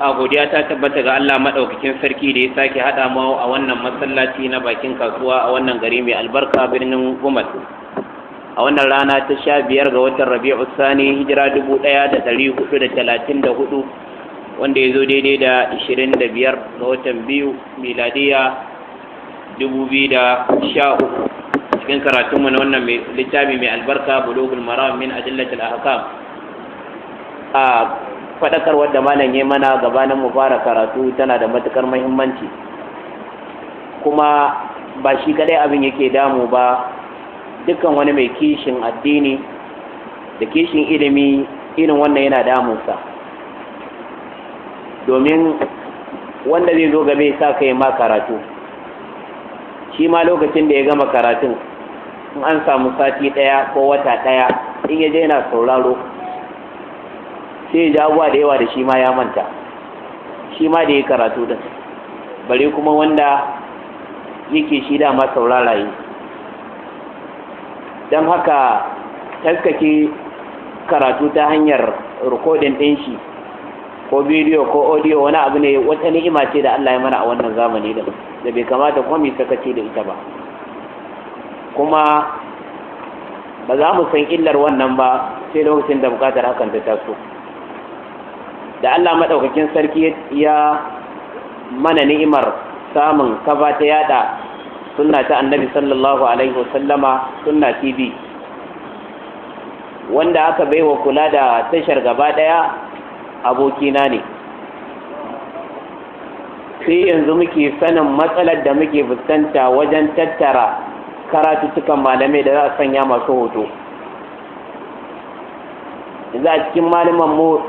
a godiya ta tabbata ga Allah madaukakin sarki da ya sake hada mu a wannan masallaci na bakin kasuwa a wannan gari mai albarka birnin Gumal a wannan rana ta sha biyar ga watan Rabi'u Sani hijira dubu ɗaya da ɗari hudu da talatin da hudu wanda ya zo daidai da ishirin da biyar ga watan biyu miladiya dubu biyu da sha uku cikin karatunmu na wannan littafi mai albarka bulugul maram min adillatil ahkam a faɗakarwar da malam ya mana gabanin mu fara karatu tana da matukar muhimmanci kuma ba shi kadai abin yake damu ba dukkan wani mai kishin addini da kishin ilimi irin wannan yana damunsa domin wanda zai zo gabe sa kai ma karatu shi ma lokacin da ya gama karatun in an samu sati ɗaya ko wata ɗaya in ya je yana sauraro sai ya da yawa da shi ma ya manta shi ma da ya karatu da bare kuma wanda yake shi dama saurara yi don haka taskake karatu ta hanyar rikodin ɗin shi ko bidiyo ko audio wani abu ne wata ni'ima ce da Allah ya mana a wannan zamani da da bai kamata kuma mu sakaci da ita ba kuma ba za mu san illar wannan ba sai lokacin da bukatar hakan ta taso da Allah maɗaukakin sarki ya mana ni'imar samun kafa ta yada sunna ta annabi sallallahu alaihi wasallama sunna tv wanda aka baiwa kula da tashar gaba ɗaya abokina ne sai yanzu muke sanin matsalar da muke fuskanta wajen tattara karatuttukan malamai da za a sanya masu hoto za a cikin malaman mu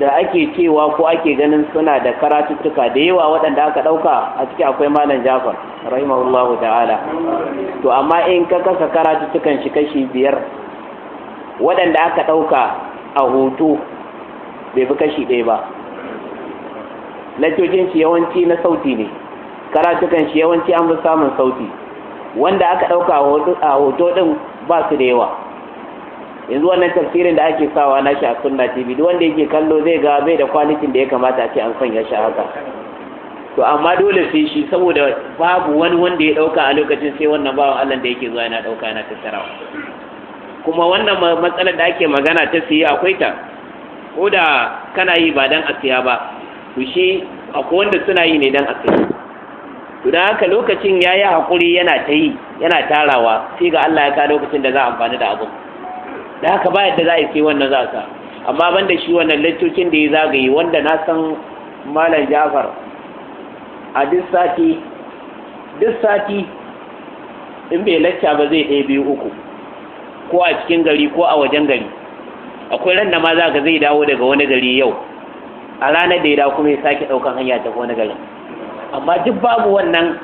da ake cewa ko ake ganin suna da karatuttuka da yawa waɗanda aka ɗauka a ciki akwai malam jafar rahimahullahu ta'ala to amma in ka kasa karatuttukan shi kashi biyar waɗanda aka ɗauka a hoto bai fi kashi ɗaya ba lacocin shi yawanci na sauti ne karatukan shi yawanci an fi samun sauti wanda aka ɗauka a hoto ɗin ba su da yawa yanzu wannan tafsirin da ake sawa na shi a sunna tv duk wanda yake kallo zai ga bai da kwalitin da ya kamata a ce an sanya shi haka to amma dole sai shi saboda babu wani wanda ya dauka a lokacin sai wannan bawan Allah da yake zuwa yana dauka yana tattarawa kuma wannan matsalar da ake magana ta siya akwai ta ko da kana yi ba dan asiya ba to shi akwai wanda suna yi ne dan asiya to dan haka lokacin yayi hakuri yana ta yi yana tarawa sai ga Allah ya ka lokacin da za a amfani da abu. da haka ba yadda za a sai wannan za amma ban da shi wannan littocin da ya zagaye wanda na san malam jafar a duk sati duk sati in bai lacca ba zai ɗaya biyu uku ko a cikin gari ko a wajen gari akwai ran da ma za ka zai dawo daga wani gari yau a ranar da ya dawo kuma ya sake ɗaukan hanya ta wani garin amma duk babu wannan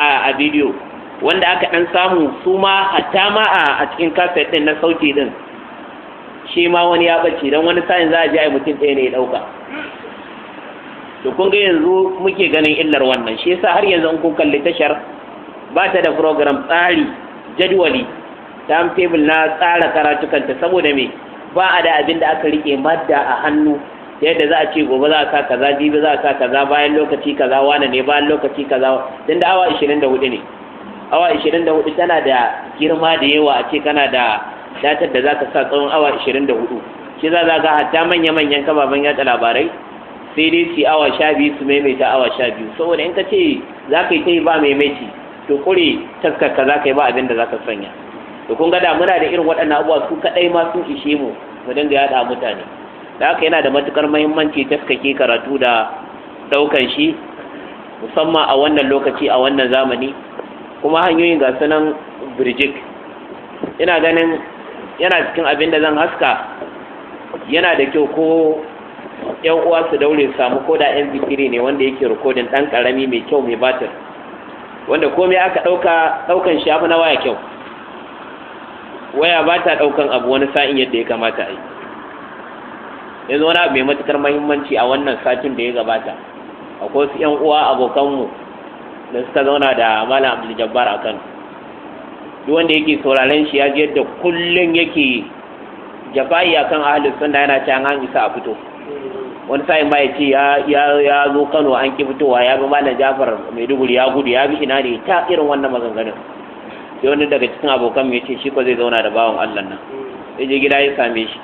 a bidiyo wanda aka ɗan samu su ma hatta ma a cikin kafet ɗin na sauti ɗin shi ma wani ya bace don wani sa'in za a ji yi mutum ɗaya ne ya ɗauka to kun ga yanzu muke ganin illar wannan shi yasa har yanzu in kun kalli tashar ba ta da program tsari jadwali timetable na tsara karatukanta saboda me ba a da abin da aka rike madda a hannu yadda za a ce gobe za a sa kaza jibi za a sa kaza bayan lokaci kaza wane ne bayan lokaci kaza dan da awa 24 ne awa 24 tana da girma da yawa a ce kana da datar da za ka sa tsawon awa 24 shi za za ga hatta manya-manyan kababen yada labarai sai dai su awa sha biyu su maimaita awa sha biyu saboda in ka ce za ka yi ta yi ba maimaiti to kure taskarka za ka yi ba abin da za ka sanya to kun ga da muna da irin waɗannan abubuwa su kaɗai ma sun ishe mu mu dinga yaɗa mutane da haka yana da matukar muhimmanci taskake karatu da ɗaukan shi musamman a wannan lokaci a wannan zamani kuma hanyoyin ga sunan birjik ina ganin yana cikin abin da zan haska yana da kyau ko yan uwa su daure samu ko da yan zikiri ne wanda yake rikodin ɗan ƙarami mai kyau mai batir wanda komai aka ɗauka ɗaukan shi abu na waya kyau waya ba ta ɗaukan abu wani sa'in yadda ya kamata a yi yanzu wani abu mai matukar mahimmanci a wannan satin da ya gabata akwai su yan uwa abokanmu da suka zauna da malam abdul jabbar a kano duk wanda yake sauraren shi ya ji yadda kullum yake jafa'i kan ahalin sunna yana ci an sa a fito wani sa'in ba ya ce ya zo Kano an ki fitowa ya bi malam Jafar Maiduguri ya gudu ya bi ina ne ta irin wannan maganganun sai wani daga cikin abokan mu ya ce shi ko zai zauna da bawan Allah nan sai je gida ya same shi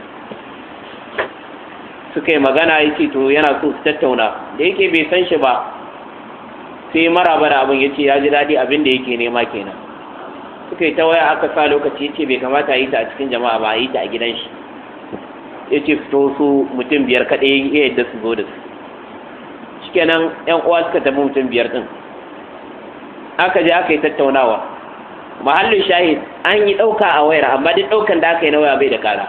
suka yi magana ya ce to yana so su tattauna da yake bai san shi ba sai maraba da abin ya ce ya ji daɗi abin da yake nema kenan suka yi ta waya aka sa lokaci ya ce bai kamata a yi ta a cikin jama'a ba a yi ta a gidan shi ya ce fito su mutum biyar kaɗai ya yadda su zo da su shikenan yan uwa suka tafi mutum biyar din aka je aka yi tattaunawa mahallin shahid an yi ɗauka a wayar amma duk ɗaukan da aka yi na waya bai da kara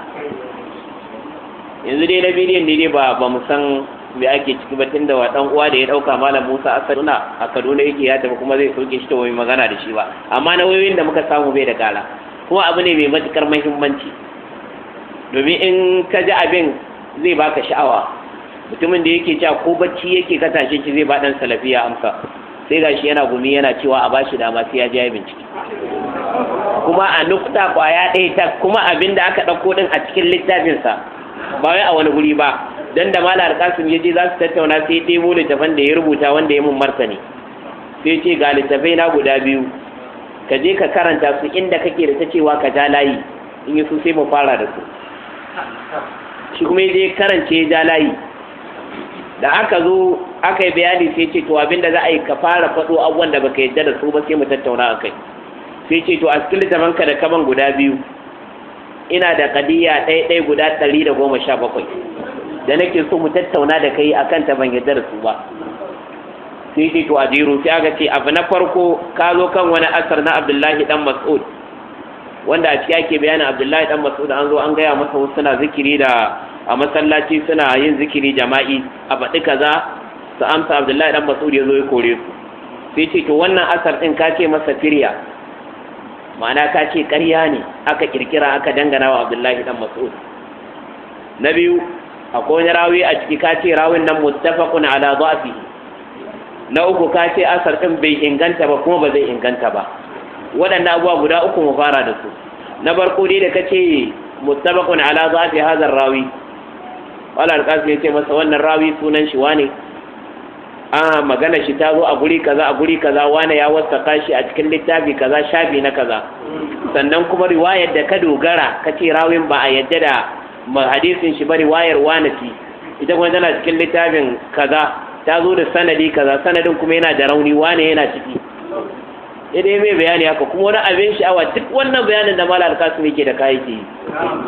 yanzu dai na bidiyon ne dai ba mu san me ake ciki ba tunda wa dan uwa da ya dauka malam Musa Asaduna a Kaduna yake ya tafi kuma zai soke shi ta wani magana da shi ba amma nauyoyin da muka samu bai da gara kuma abu ne mai matukar muhimmanci domin in ka ji abin zai baka sha'awa mutumin da yake cewa ko bacci yake ka tashe shi zai ba dan salafiya amsa sai gashi yana gumi yana cewa a bashi dama sai ya je ya bincike kuma a nukta kwaya ɗaya ta kuma abin da aka ɗauko ɗin a cikin littafinsa ba wai a wani guri ba dan da mala ya je za su tattauna sai ɗebo littafan da ya rubuta wanda ya mun martani sai ce ga littafai na guda biyu ka je ka karanta su inda kake da ta cewa ka ja layi in yi su sai mu fara da su shi kuma ya je karance ya ja layi da aka zo aka yi bayani sai ce to abin za a yi ka fara faɗo abubuwan da baka yadda da su ba sai mu tattauna a kai sai ce to a cikin littafan ka da kaman guda biyu ina da kadiya ɗaya ɗaya guda ɗari da goma sha bakwai da nake so mu tattauna da kai akan ta ban yadda darasu su ba sai ce to ajiru sai aka ce abu na farko ka zo kan wani asar na Abdullahi dan Mas'ud wanda a ciki ake bayanin Abdullahi dan Mas'ud an zo an gaya masa wasu suna zikiri da a masallaci suna yin zikiri jama'i a faɗi kaza su amsa Abdullahi dan Mas'ud ya zo ya kore su sai ce to wannan asar din ka ce masa firya ma'ana ka ce ƙarya ne aka kirkira aka dangana wa Abdullahi dan Mas'ud na biyu akwai wani rawi a ciki ka ce rawin nan muttafaqun ala dhafi na uku ka ce asar din bai inganta ba kuma ba zai inganta ba waɗannan abuwa guda uku mu fara da su na farko dai da kace muttafaqun ala dhafi hadar rawi wala alqasmi yace masa wannan rawi sunan shi wane a magana shi ta zo a guri kaza a guri kaza wane ya wasaka shi a cikin littafi kaza shafi na kaza sannan kuma riwayar da ka dogara kace rawin ba a yadda da hadisin shi bari wayar wanati ita kuma tana cikin littafin kaza ta zo da sanadi kaza sanadin kuma yana da rauni wane yana ciki idan mai bayani haka kuma wani abin sha'awa duk wannan bayanin da malal alkasim yake da kayi ke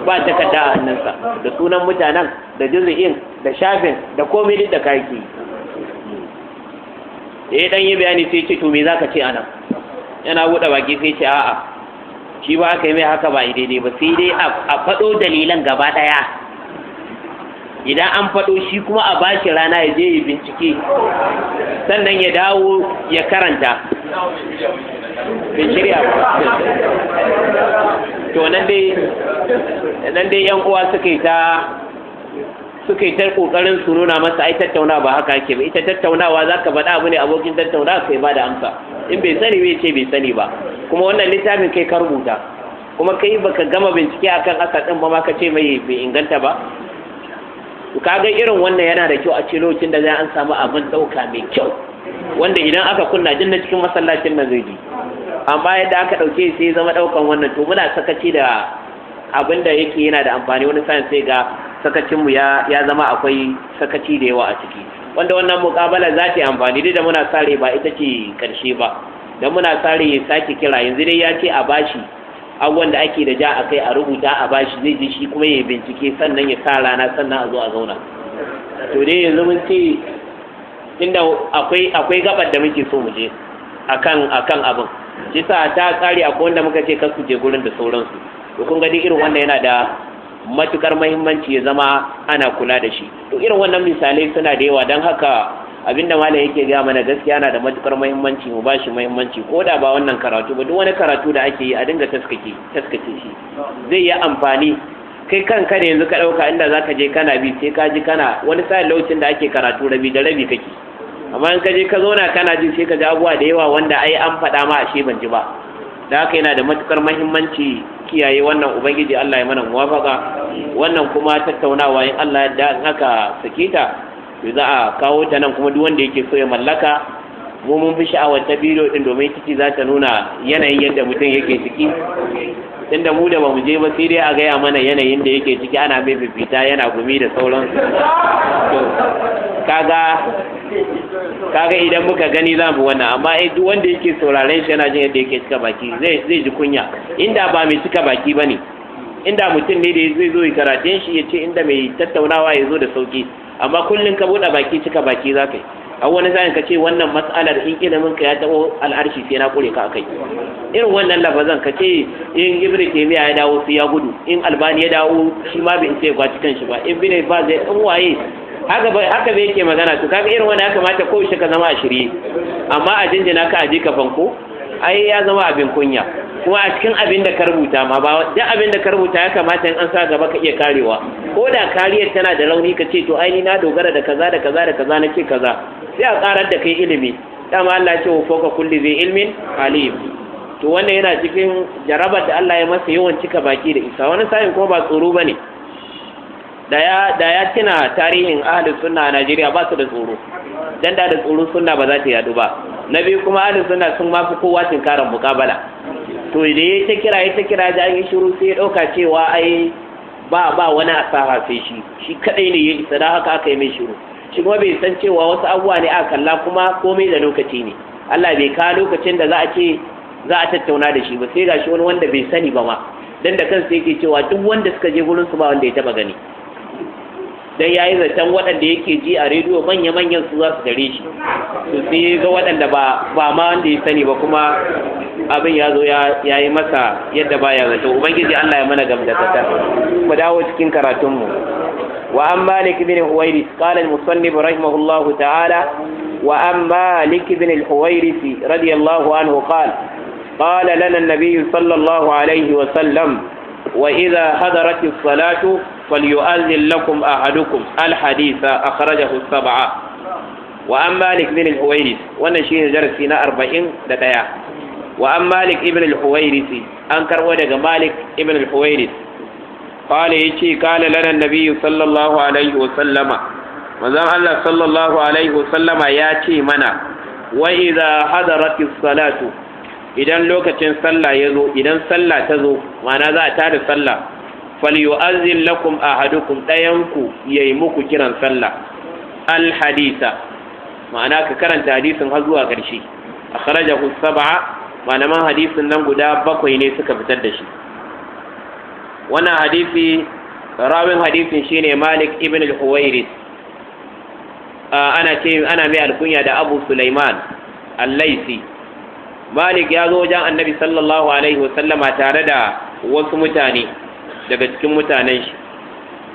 ba takarda a hannunsa da sunan mutanen da juzu'in da shafin da komai duk da kayi ke ya dan yi bayani sai ce to me za ka ce anan yana buɗe baki sai ce a'a shi ba aka yi mai haka ba daidai ba sai dai a faɗo dalilan gaba ɗaya idan an faɗo shi kuma a bashi rana ya je yi bincike sannan ya dawo ya karanta Bincike shirya ba to nan dai yan uwa suka yi ta suka yi ta kokarin su nuna masa ai tattauna ba haka ake ba ita tattaunawa za ka faɗa abu ne abokin tattauna kai ba da amsa in bai sani bai ce bai sani ba kuma wannan littafin kai ka rubuta kuma kai baka gama bincike akan asa din ba ma ka ce mai bai inganta ba Ka ga irin wannan yana da kyau a ce lokacin da za an samu abin ɗauka mai kyau wanda idan aka kunna jinna cikin masallacin nan zai ji amma yadda aka ɗauke sai zama ɗaukan wannan to muna sakaci da abin da yake yana da amfani wani sa'in sai ga sakacinmu ya zama akwai sakaci da yawa a ciki wanda wannan mukabala za ta yi amfani dai da muna sare ba ita ce karshe ba da muna sare ya sake kira yanzu dai ya ce a bashi abubuwan da ake da ja a kai a rubuta a bashi zai je shi kuma ya bincike sannan ya sa rana sannan a zo a zauna to dai yanzu mun ce inda akwai akwai gabar da muke so mu je akan akan abin shi sa ta tsari akwai wanda muka ce kar su je gurin da sauransu to kun ga duk irin wannan yana da matukar mahimmanci ya zama ana kula da shi to irin wannan misalai suna da yawa don haka abinda malam yake gaya mana gaskiya na da matukar mahimmanci mu ba shi mahimmanci ko da ba wannan karatu ba duk wani karatu da ake yi a dinga taskake taskake shi zai yi amfani kai kanka ne yanzu ka ɗauka inda za ka je kana bi sai ka ji kana wani sa'in lokacin da ake karatu rabi da rabi kake amma in ka je ka zauna kana ji sai ka ji abubuwa da yawa wanda ai an faɗa ma ashe ban ji ba da haka yana da matukar mahimmanci kiyaye wannan ubangiji Allah ya mana muwafaka wannan kuma tattaunawa in Allah ya da haka sakita to za a kawo ta nan kuma duk wanda yake so ya mallaka mu mun fi sha'awar ta bidiyo din domin ciki za ta nuna yanayin yadda mutum yake ciki tunda mu da bamu je ba sai dai a gaya mana yanayin da yake ciki ana mai fifita yana gumi da sauran kaga kaga idan muka gani za mu wannan amma eh duk wanda yake sauraren shi yana jin yadda yake cika baki zai zai ji kunya inda ba mai cika baki bane inda mutum ne da zai zo ya karatun shi ya ce inda mai tattaunawa ya zo da sauki amma kullum ka buɗe baki cika baki za ka yi a wani zan ka ce wannan matsalar in ilimin ka ya taɓo al'arshi sai na kure ka kai. irin wannan lafazan ka ce in ibnu kemiya ya dawo sai ya gudu in albani ya dawo shi ma bai sai gwaci kan kanshi ba in bine ba zai in waye haka bai haka yake magana to kaga irin wannan ya kamata ko shi ka zama a shirye amma a jinjina ka aje ka fanko ai ya zama abin kunya kuma a cikin abin da ka rubuta ma ba duk abin da ka rubuta ya kamata in an sa gaba ka iya karewa ko da kariyar tana da rauni ka ce to ai ni na dogara da kaza da kaza da kaza na ce kaza sai a karar da kai ilimi dama Allah ya ce wa foka kulli zai ilmin alim to wannan yana cikin jarabar da Allah ya masa yawan cika baki da isa wani sa'in kuma ba tsoro bane da ya da ya tuna tarihin ahlus sunna a Najeriya ba su da tsoro dan da da tsoro sunna ba za ta yadu ba na biyu kuma ahli sunna sun ma fi kowa tinkarar mukabala to da ya ta kira ya ta kira da an yi shiru sai ya dauka cewa ai ba ba wani asaha sai shi shi kadai ne ya isa da haka aka yi mai shiru shi kuma bai san cewa wasu abubuwa ne a kalla kuma komai da lokaci ne Allah bai ka lokacin da za a ce za a tattauna da shi ba sai gashi wani wanda bai sani ba ma dan da kansa yake cewa duk wanda suka je gurin su ba wanda ya taba gani ya yi zaton waɗanda yake ji a rediyo manya manyan su za su dare shi to sai ga waɗanda ba ba ma wanda ya sani ba kuma abin ya zo ya yi masa yadda ba ya zato ubangiji Allah ya mana gamdakatar Ku dawo cikin karatunmu. wa an malik bin huwairis qala al-musannif rahimahullahu ta'ala wa an malik bin al radiyallahu anhu qala قال sallallahu النبي wa sallam. Wa وسلم وإذا حضرت salatu. فليؤذن لكم أحدكم الحديث أخرجه السبعة وأن مالك بن الحويرث ونشين درسنا أربعين دتايا وأن مالك ابن الحويرث أنكر ودق مالك ابن الحويرث قال يشي قال لنا النبي صلى الله عليه وسلم manzon Allah sallallahu alaihi wasallama ya ce mana wa idza hadarati salatu idan lokacin sallah ya zo idan sallah ta zo mana za a tada sallah falyu'azzin lakum ahadukum dayanku yayi muku kiran sallah al haditha ma'ana ka karanta hadisin har zuwa ƙarshe akhrajahu sab'a malaman hadisin nan guda bakwai ne suka fitar da shi wannan hadisi rawin hadisin shine Malik ibn al-Huwairis ana ce ana mai alkunya da Abu Sulaiman al-Laisi Malik ya zo wajen Annabi sallallahu alaihi wasallama tare da wasu mutane daga cikin mutanen shi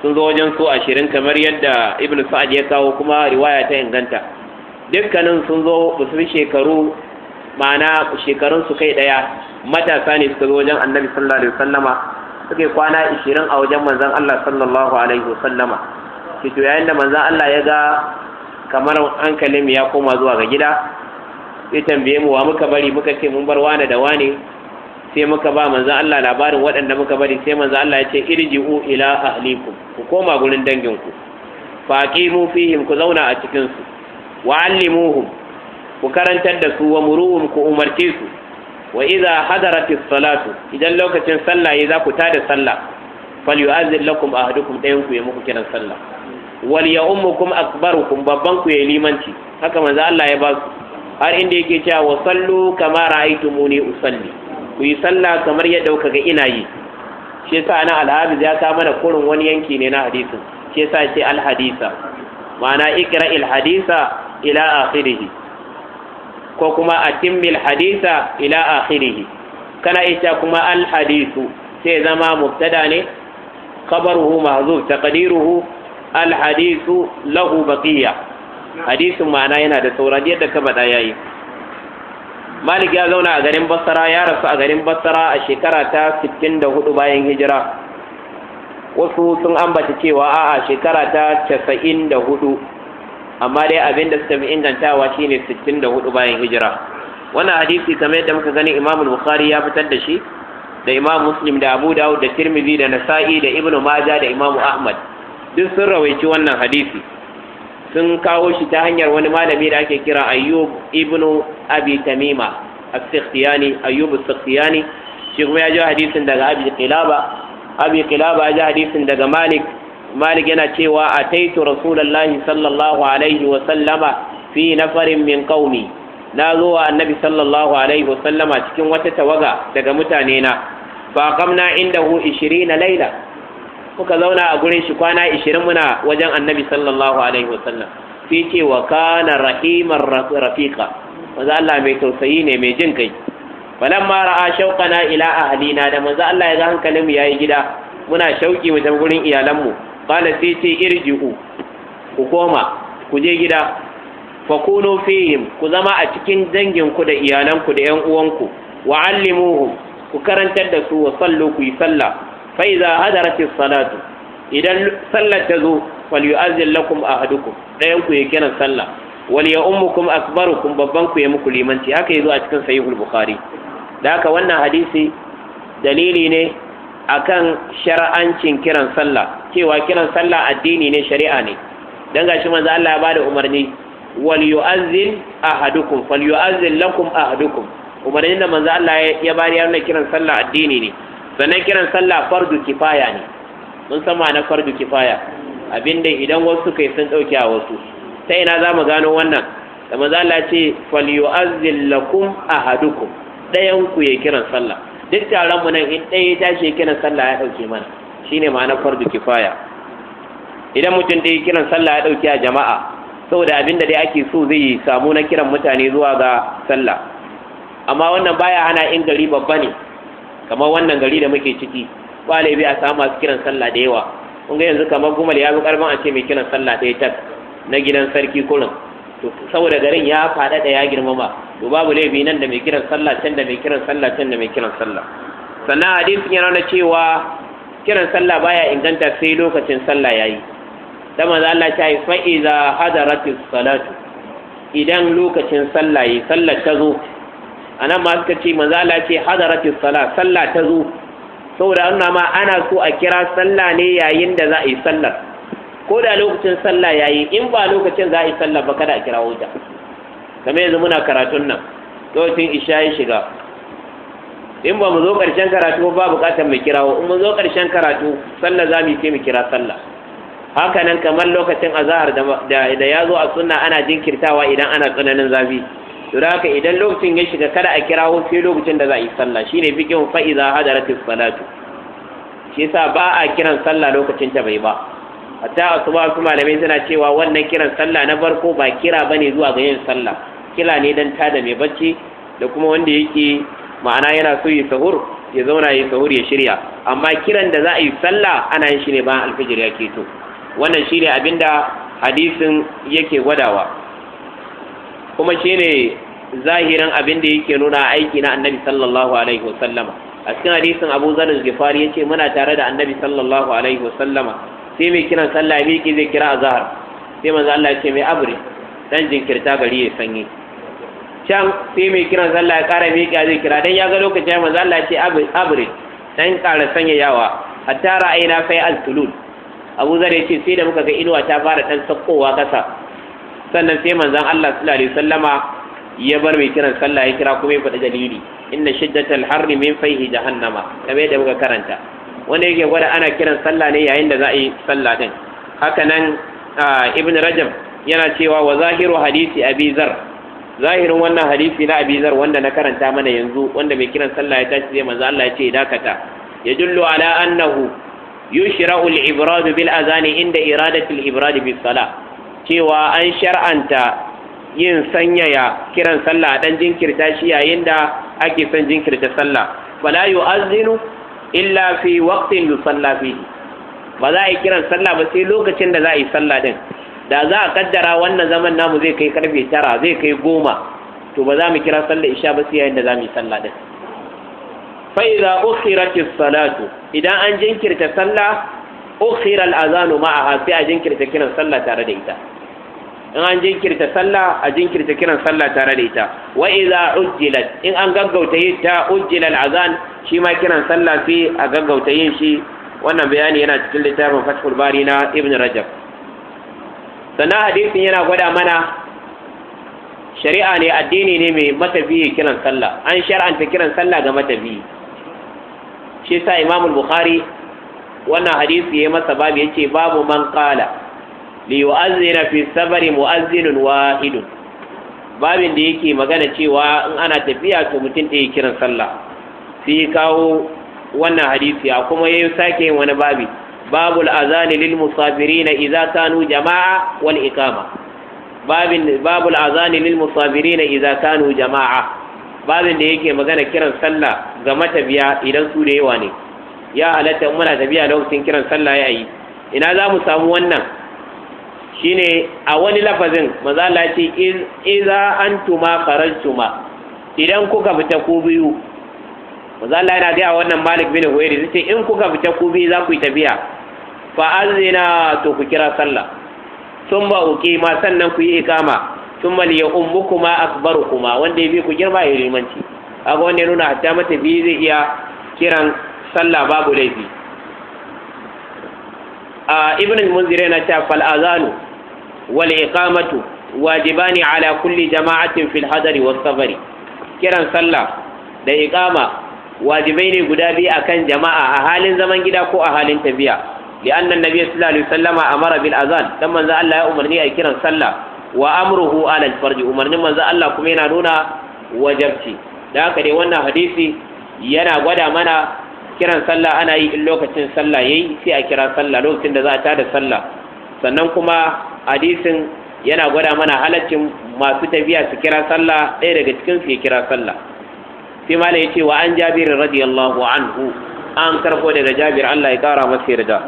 sun zo wajen su ashirin kamar yadda ibn sa'ad ya kawo kuma riwaya ta inganta dukkanin sun zo musu shekaru ma'ana shekarun su kai daya matasa ne suka zo wajen annabi sallallahu alaihi wasallama suke kwana ashirin a wajen manzon Allah sallallahu alaihi wasallama to yayin da manzon Allah ya ga kamar hankalin ya koma zuwa ga gida ya tambaye mu wa muka bari muka ce mun bar wani da wani sai muka ba manzon Allah labarin waɗanda muka bari sai manzon Allah ya ce irji'u ila ahlikum ku koma gurin danginku faqimu fihim ku zauna a cikin su wa allimuhum ku karantar da su wa muruhum ku umarce su wa idza hadaratis salatu idan lokacin sallah yayi za ku tada sallah falyu'azzin lakum ahadukum dayan ku ya muku kiran sallah wal ya'ummukum akbarukum babban ku ya limanci haka manzo Allah ya ba su har inda yake cewa wa sallu kama ra'aytumuni usalli ku yi sallah kamar yadda kuka ga ina yi shi yasa nan ya sa mana kurin wani yanki ne na hadisin shi yasa ce alhadisa ma'ana ikra alhadisa ila akhirih ko kuma atimmil hadisa ila akhirih kana ita kuma alhadisu sai zama mubtada ne khabaruhu mahzuf taqdiruhu alhadisu lahu baqiya hadisin mana yana da saurari yadda ka bada yayi malik ya zauna a garin basra ya rasu a garin Basara a shekara ta 64 bayan hijira wasu sun ambata cewa a a shekara ta 94 amma dai abin da suka fi ingantawa shine 64 bayan hijira wannan hadisi kamar yadda muka gani imam bukhari ya fitar da shi da imam muslim da abu dawud da tirmidhi da nasa'i da ibnu majah da imam ahmad duk sun rawaici wannan hadisi sun kawo shi ta hanyar wani malami da ake kira ayyub ibnu abi tamima as-sikhtiyani ayyub as-sikhtiyani shi kuma ya ji hadisin daga abi qilaba abi qilaba ya ji hadisin daga malik malik yana cewa ataitu rasulullahi sallallahu alaihi wa sallama fi nafarin min qaumi na zo wa annabi sallallahu alaihi wa sallama cikin wata tawaga daga mutane na fa qamna indahu 20 laila kuka zauna a gurin shi kwana ishirin muna wajen annabi sallallahu alaihi wasallam fi ce wa kana rahiman rafiqa manzo Allah mai tausayi ne mai jin kai falamma ra'a shauqana ila ahlina da manzo Allah ya ga hankalinmu ya yayi gida muna shauki mu tafi gurin iyalanmu qala sai ce irji'u ku koma ku je gida fa kunu fihim ku zama a cikin dangin ku da iyalanku da yan uwanku wa allimuhum ku karantar da su wa sallu ku yi sallah faiza idza hadaratis salatu idan sallar ta zo fal yu'azzil lakum ahadukum dayan ku ya kiran sallah wal ya akbarukum babban ku ya muku limanci haka yazo a cikin sahihul bukhari da haka wannan hadisi dalili ne akan shar'ancin kiran sallah cewa kiran sallah addini ne shari'a ne dan gashi manzo Allah ya bada umarni wal yu'azzin ahadukum fal yu'azzin lakum ahadukum umarnin da manzo Allah ya bari yana kiran sallah addini ne sannan kiran sallah fardu kifaya ne mun sama na fardu kifaya abinda idan wasu kai sun dauke a wasu ta ina zamu gano wannan da manzo Allah ce falyu'azzil lakum ahadukum dayan ku ya kiran sallah duk taron mu nan in ɗaya ya tashi kiran sallah ya dauke mana shine ma'anar fardu kifaya idan mutum da kiran sallah ya dauke a jama'a saboda abin da dai ake so zai samu na kiran mutane zuwa ga sallah amma wannan baya hana in gari babba ne kamar wannan gari da muke ciki galibi a samu masu kiran sallah da yawa kun ga yanzu kamar gumal ya bi karban a ce mai kiran sallah ɗaya tak na gidan sarki kurin to saboda garin ya faɗaɗa ya girmama to babu laifi nan da mai kiran sallah can da mai kiran sallah can da mai kiran sallah sannan hadisi yana nuna cewa kiran sallah baya inganta sai lokacin sallah yayi da manzo Allah ta yi fa iza hadaratis salatu idan lokacin sallah yi sallar ta zo anan ma suka ce manzo Allah ce hadaratis sala sallah ta zo saboda an ma ana so a kira sallah ne yayin da za a yi sallar ko da lokacin sallah yayi in ba lokacin za a yi sallar ba kada a kira wuta kamar yanzu muna karatun nan lokacin isha ya shiga in ba mu zo karshen karatu ba buƙatar mu kirawo in mu zo karshen karatu sallah za mu yi mu kira sallah haka nan kamar lokacin azahar da ya zo a sunna ana jinkirtawa idan ana tsananin zafi to da haka idan lokacin ya shiga kada a kirawo sai lokacin da za a yi sallah shine bikin fa idza hadaratis salatu shi yasa ba a kiran sallah lokacin ta bai ba hatta asuba su malamai suna cewa wannan kiran sallah na farko ba kira bane zuwa ga yin sallah kila ne dan tada mai bacci da kuma wanda yake ma'ana yana so yi sahur ya zauna ya sahur ya shirya amma kiran da za a yi sallah ana yin shi ne bayan alfijir ya keto wannan shi ne abinda hadisin yake gwadawa kuma shine zahirin abin da yake nuna aiki na annabi sallallahu alaihi wasallama a cikin hadisin abu zarar gifari ya ce muna tare da annabi sallallahu alaihi wasallama sai mai kiran sallah miki zai kira a zahar sai manzo Allah ya ce mai abri dan jinkirta gari ya sanyi can sai mai kiran sallah ya kara miki zai kira dan ya ga lokacin ya manzo Allah ya ce abri dan kara sanya yawa hatta ra'ayina sai al-tulul abu zarar ya ce sai da muka ga inuwa ta fara dan sakkowa kasa sannan sai manzon Allah sallallahu alaihi wasallama ya bar mai kiran sallah ya kira kuma ya faɗi dalili inna shiddatal harri min fayhi jahannama kamar da muka karanta wanda yake gwada ana kiran sallah ne yayin da za a yi sallah din haka nan ibn rajab yana cewa wa zahiru hadisi abi zar zahirin wannan hadisi na abi zar wanda na karanta mana yanzu wanda mai kiran sallah ya tashi sai manzo Allah ya ce dakata Ya dullu ala annahu yushra'u al-ibrad bil azani inda iradati al-ibrad bis salah cewa an shar'anta yin sanyaya kiran sallah dan jinkirta shi yayin da ake son jinkirta sallah wala yu'azzinu illa fi waqtin yusalla fihi ba za a yi kiran sallah ba sai lokacin da za a yi sallah din da za a kaddara wannan zaman namu zai kai karfe tara zai kai goma to ba za mu kira sallah isha ba sai yayin da za mu yi sallah din fa idza ukhirat salatu idan an jinkirta sallah ukhir al-azanu ma'aha sai a jinkirta kiran sallah tare da ita in an jinkirta sallah a jinkirta kiran sallah tare da ita wa idza ujjilat in an gaggauta yin ta ujjila azan shi ma kiran sallah sai a gaggauta yin shi wannan bayani yana cikin littafin fathul bari na ibn rajab sannan hadisin yana gwada mana shari'a ne addini ne mai matafiye kiran sallah an shar'anta kiran sallah ga matafiye shi sa imamul bukhari wannan hadisi ya masa babu yace babu man qala li yu'azzina fi safari mu'azzinun wahidun babin da yake magana cewa in ana tafiya to mutum ɗaya kiran sallah sai kawo wannan hadisi a kuma ya sake yin wani babi babul al'azani lil musafirina idza kanu jama'a wal iqama babin babul azani lil musafirina idza kanu jama'a babin da yake magana kiran sallah ga matafiya idan su da yawa ne ya halatta muna tafiya lokacin kiran sallah ya yi ina za mu samu wannan shine a wani lafazin mazala ce iza antuma tuma. idan kuka fita ku biyu mazala yana gaya wannan Malik bin Huwairi ce in kuka fita ku biyu za ku yi tafiya fa azina to ku kira sallah uke ma sannan ku yi ikama umu kuma ummukuma kuma, wanda ya bi ku girma ya limanci kaga wanda ya nuna hatta mata biyu zai iya kiran sallah babu laifi a ibn al-munzir yana cewa fal azanu wal iqamatu wajibani ala kulli jama'atin fil hadari was safari kiran sallah da iqama wajibai ne guda biyu akan jama'a a halin zaman gida ko a halin tafiya لأن النبي صلى الله عليه وسلم أمر بالأذان كما ذا الله أمرني أي كرا صلى وأمره على الفرج أمرني من ذا الله كمينا نونا وجبتي ذاك دي وانا حديثي yana gwada mana kiran sallah ana yi in lokacin sallah yayi sai a kira sallah lokacin da za a tada sallah sannan kuma hadisin yana gwada mana halaccin masu tafiya su kira sallah ɗaya daga cikin su ya kira sallah sai mala yace wa an jabir radiyallahu anhu an karfo daga jabir Allah ya kara masa yarda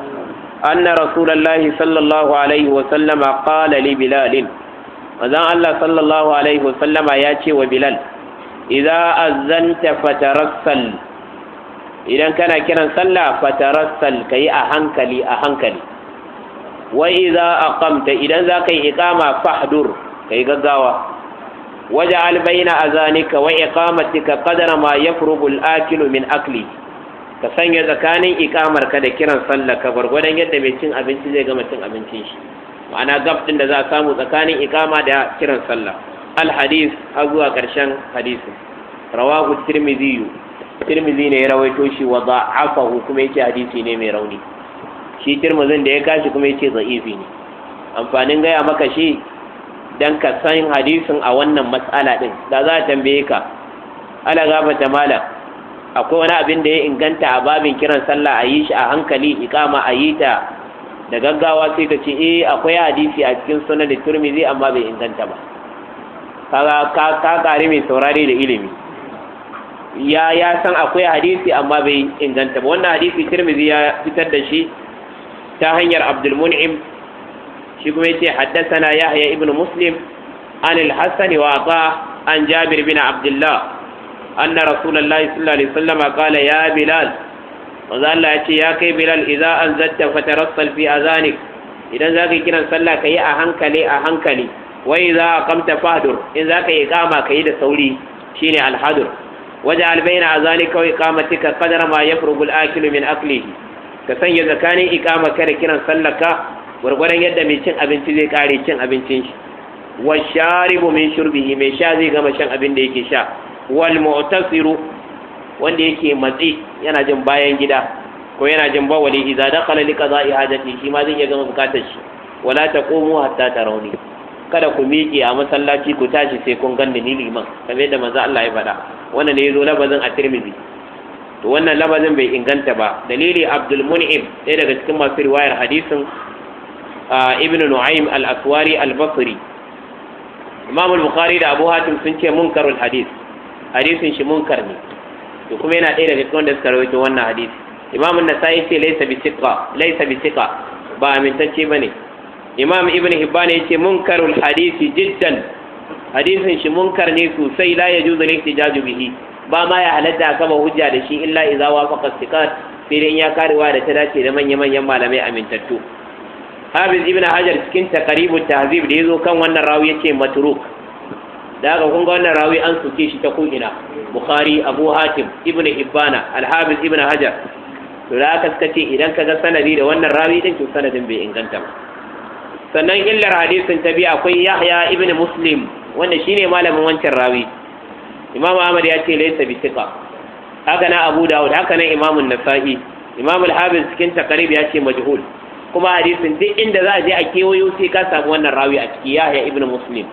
anna rasulullahi sallallahu alaihi wa sallama qala li bilal manzon Allah sallallahu alaihi wa sallama ya ce wa bilal idza azanta fatarassal idan kana kiran sallah fatarassal kai a hankali a hankali wa idza aqamta idan zaka yi iqama fahdur kai gaggawa waj'al baina azanika wa iqamatika qadara ma yafrugu al-akilu min akli ka sanya tsakanin iqamar ka da kiran sallah ka gwargwadon yadda mai cin abinci zai gama cin abincin shi ma'ana gab din da za a samu tsakanin iqama da kiran sallah al hadith har zuwa karshen hadisin rawahu tirmidhi tirmizi ne ya rawaito shi wa da'afahu kuma ce hadisi ne mai rauni shi tirmizin da ya kashi kuma yace za'ifi ne amfanin gaya maka shi dan ka san hadisin a wannan matsala ɗin. da za a tambaye ka ala ta malam akwai wani abin da ya inganta a babin kiran sallah a yi shi a hankali ikama a yi ta da gaggawa sai ka ce eh akwai hadisi a cikin sunan da tirmizi amma bai inganta ba kaga ka kare mai saurari da ilimi ya ya san akwai hadisi amma bai inganta ba wannan hadisi tirmizi ya fitar da shi ta hanyar abdul mun'im shi kuma yace haddathana yahya ibn muslim an al-hasan wa ata an jabir bin abdullah anna rasulullahi sallallahu alaihi wasallam qala ya bilal manzo Allah yace ya kai bilal idza anzatta fatarassal fi azanik idan zaka kiran sallah kayi a hankali a hankali wai za kamta fahdur in zaka yi kama kayi da sauri shine alhadur waj'al albaina zalika kawai iqamatika qadar ma ya al-akilu min aklihi ka sanya zakanin iqama kare kiran sallaka gwargwaran yadda mai cin abinci zai kare cin abincin shi wa mai min shurbihi mai sha zai gama shan abin da yake sha wal mu'tasiru wanda yake matsi yana jin bayan gida ko yana jin ba bawali idza dakhala li qada'i hajati shi ma zai iya gama bukatar shi wala ta komo hatta rauni. kada ku miƙe a masallaci ku tashi sai kun gan ni liman kamar da manzo Allah ya faɗa wannan ne yazo labazin a Tirmidhi to wannan labazin bai inganta ba dalili Abdul Mun'im ɗaya daga cikin masu riwayar hadisin Ibn Nu'aym al-Aswari al-Basri Imam al-Bukhari da Abu Hatim sun ce munkarul hadis hadisin shi munkar ne to kuma yana ɗaya daga cikin wanda suka rawaito wannan hadisi Imam an-Nasa'i ce laysa bi thiqa laysa bi thiqa ba amintacce bane imam ibn hibban ce munkarul hadisi jiddan hadisin shi munkar ne sosai la juzu lake jaju bihi ba ma ya halatta kama hujja da shi illa idza faqa istiqat filin ya karewa da ta dace da manya-manyan malamai amintattu Habib ibn hajar cikin taqribut tahzib da yazo kan wannan rawi yace matruk da ga kun ga wannan rawi an suke shi ta ko'ina bukhari abu hatim ibn hibbana al habib ibn hajar to da haka suka ce idan ka ga sanadi da wannan rawi din to sanadin bai inganta ba sannan illar hadisin ta biyu akwai yahya ibn muslim wanda shine malamin wancan rawi imam ahmad ya ce laysa bi haka na abu dawud haka nan imam an-nasa'i imam al cikin takarib ya ce majhul kuma hadisin duk inda za a je a kewayo sai ka samu wannan rawi a ciki yahya ibn muslim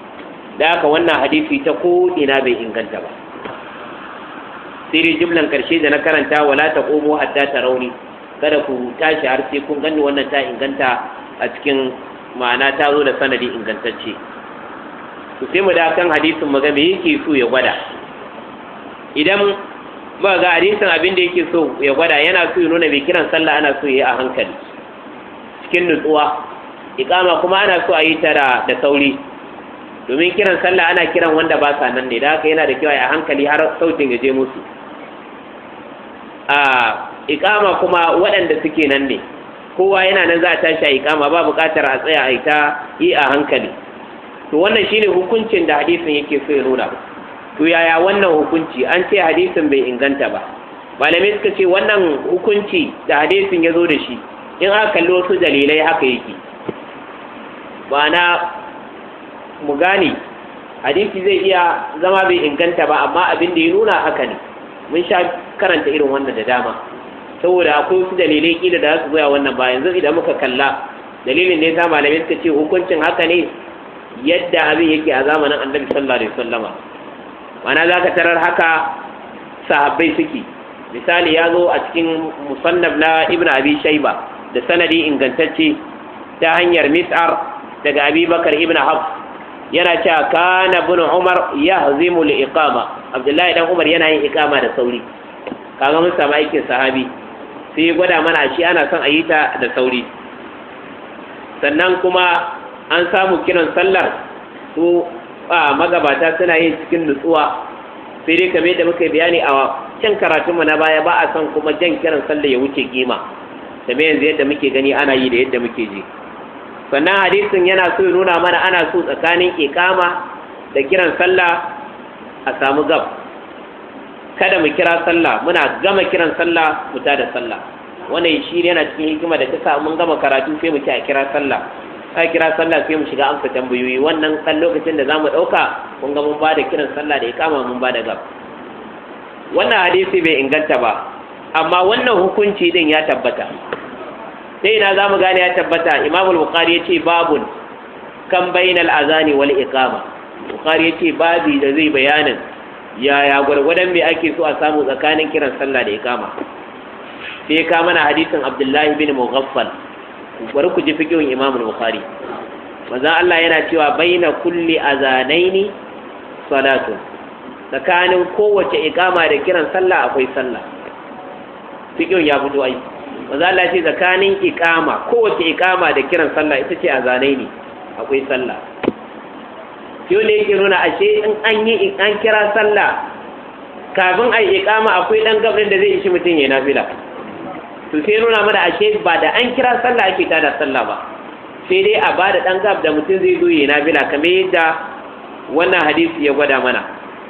da haka wannan hadisi ta ko ina bai inganta ba sai jumlan karshe da na karanta wala ta komo hatta ta rauni kada ku tashi har sai kun gani wannan ta inganta a cikin ma'ana ta zo da sanadi ingantacce to sai mu da kan hadisin mu yake so ya gwada idan ba ga hadisin abin da yake so ya gwada yana so ya nuna mai kiran sallah ana so ya yi a hankali cikin nutsuwa iqama kuma ana so a yi da sauri domin kiran sallah ana kiran wanda ba sa nan ne da haka yana da kyau a hankali har sautin ya je musu a iqama kuma waɗanda suke nan ne kowa yana nan za a tashi a ikama ba buƙatar a tsaya a yi yi a hankali to wannan shine hukuncin da hadisin yake so ya nuna to yaya wannan hukunci an ce hadisin bai inganta ba malamai suka ce wannan hukunci da hadisin ya zo da shi in aka kalli wasu dalilai haka yake ma'ana mu gane hadisi zai iya zama bai inganta ba amma abin da ya nuna haka ne mun sha karanta irin wannan da dama saboda akwai wasu dalilai kila da za su goya wannan ba yanzu idan muka kalla dalilin ne sa malamai suka ce hukuncin haka ne yadda abin yake a zamanin annabi sallallahu alaihi wasallama Mana za ka tarar haka sahabbai suke misali ya zo a cikin musannaf na ibn abi shaiba da sanadi ingantacce ta hanyar mis'ar daga abi bakar ibn hafs yana cewa kana ibn umar yahzimu li iqama abdullahi dan umar yana yin iqama da sauri kaga mun samu aikin sahabi sai ya gwada mana shi ana son a yi ta da sauri sannan kuma an samu kiran sallar su a magabata suna yin cikin nutsuwa sai dai kamar yadda muka bayani a Cin karatunmu na baya ba a son kuma jan kiran sallar ya wuce kima kamar yanzu yadda muke gani ana yi da yadda muke ji sannan hadisin yana so ya nuna mana ana so tsakanin ikama da kiran sallah a samu gab kada mu kira sallah muna gama kiran sallah mu da sallah wannan shi yana cikin hikima da ta sa mun gama karatu sai mu ci a kira sallah a kira sallah sai mu shiga amsa tambayoyi wannan kan lokacin da zamu dauka mun ga mun bada kiran sallah da ikama mun bada gab wannan hadisi bai inganta ba amma wannan hukunci din ya tabbata sai ina zamu gane ya tabbata imamu al-Bukhari yace babun kan bainal azani wal iqama Bukhari yace babi da zai bayanin yaya gwargwadon me ake so a samu tsakanin kiran sallah da ikama sai ka mana hadisin abdullahi bin mughaffal bari ku ji fiqhin imam bukhari manzon Allah yana cewa baina kulli azanaini salatu tsakanin kowace ikama da kiran sallah akwai sallah fiqhin ya fito ai manzon Allah ce tsakanin ikama kowace ikama da kiran sallah ita ce azanaini akwai sallah Yau ne yake nuna ashe in an yi an kira sallah kafin a iqama akwai dan gabrin da zai ishi mutum ya nafila to sai nuna mana ashe ba da an kira sallah ake tada sallah ba sai dai a ba da dan gab da mutum zai zo ya nafila kamar yadda wannan hadisi ya gwada mana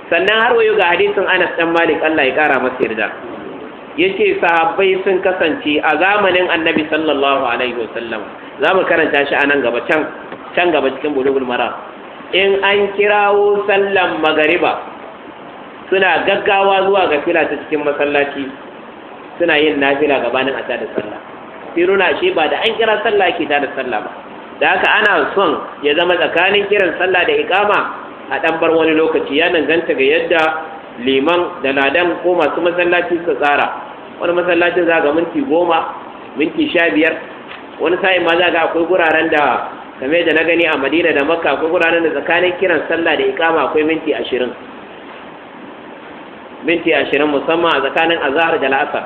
sannan har wayo ga hadisin Anas dan Malik Allah ya kara masa yarda Ya ce sahabbai sun kasance a zamanin Annabi sallallahu alaihi wasallam za mu karanta shi a nan gaba can can gaba cikin bulugul mara in an kirawo sallan magariba suna gaggawa zuwa ga fila ta cikin masallaci suna yin nafila gabanin a da sallah Firuna shi ba da an kira sallah ke da sallah ba da haka ana son ya zama tsakanin kiran sallah da ikama a dan bar wani lokaci ya ganta ga yadda liman da ladan ko masu masallaci suka tsara wani masallacin za ga minti goma minti sha biyar wani sa'in ma za ga akwai guraren da kamar da na gani a madina da makka ko guranin da tsakanin kiran sallah da ikama akwai minti ashirin minti ashirin musamman a tsakanin azahar da la'asar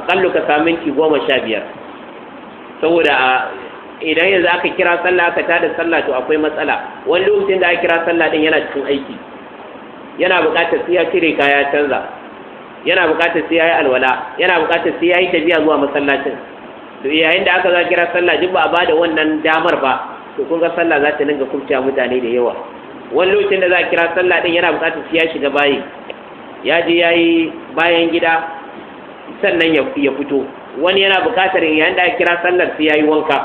aƙallu ka sami minti goma sha biyar saboda idan yanzu aka kira sallah aka tada sallah to akwai matsala wani lokacin da aka kira sallah din yana cikin aiki yana buƙatar sai ya cire kaya canza yana buƙatar sai ya yi alwala yana buƙatar sai ya yi tafiya zuwa masallacin to yayin da aka za kira sallah duk ba a bada wannan damar ba to kun ga sallah za ta dinga kubta mutane da yawa wani lokacin da za a kira sallah din yana buƙatar sai ya shiga bayi ya je ya yi bayan gida sannan ya fito wani yana buƙatar yayin da aka kira sallar sai ya yi wanka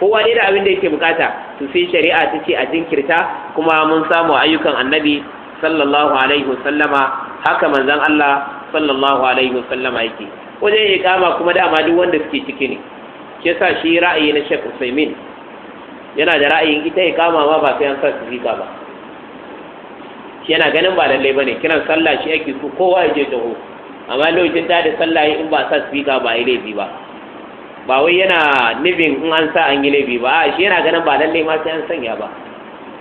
kowa ne da abin da yake bukata to sai shari'a ta ce a jinkirta kuma mun samu ayyukan annabi sallallahu alaihi wasallama haka manzon Allah sallallahu alaihi wasallama yake wajen iqama kuma dama duk wanda suke ciki ne ke yasa shi ra'ayi na shek Usaimin yana da ra'ayin ita ya kama ma ba sai an sa sifika ba shi yana ganin ba lallai ba ne, kiran sallah shi ake so kowa ya je taho amma lokacin ta da sallah in ba sa sifika ba ya laifi ba ba wai yana nufin in an sa an yi laifi ba shi yana ganin ba lallai ma sai an sanya ba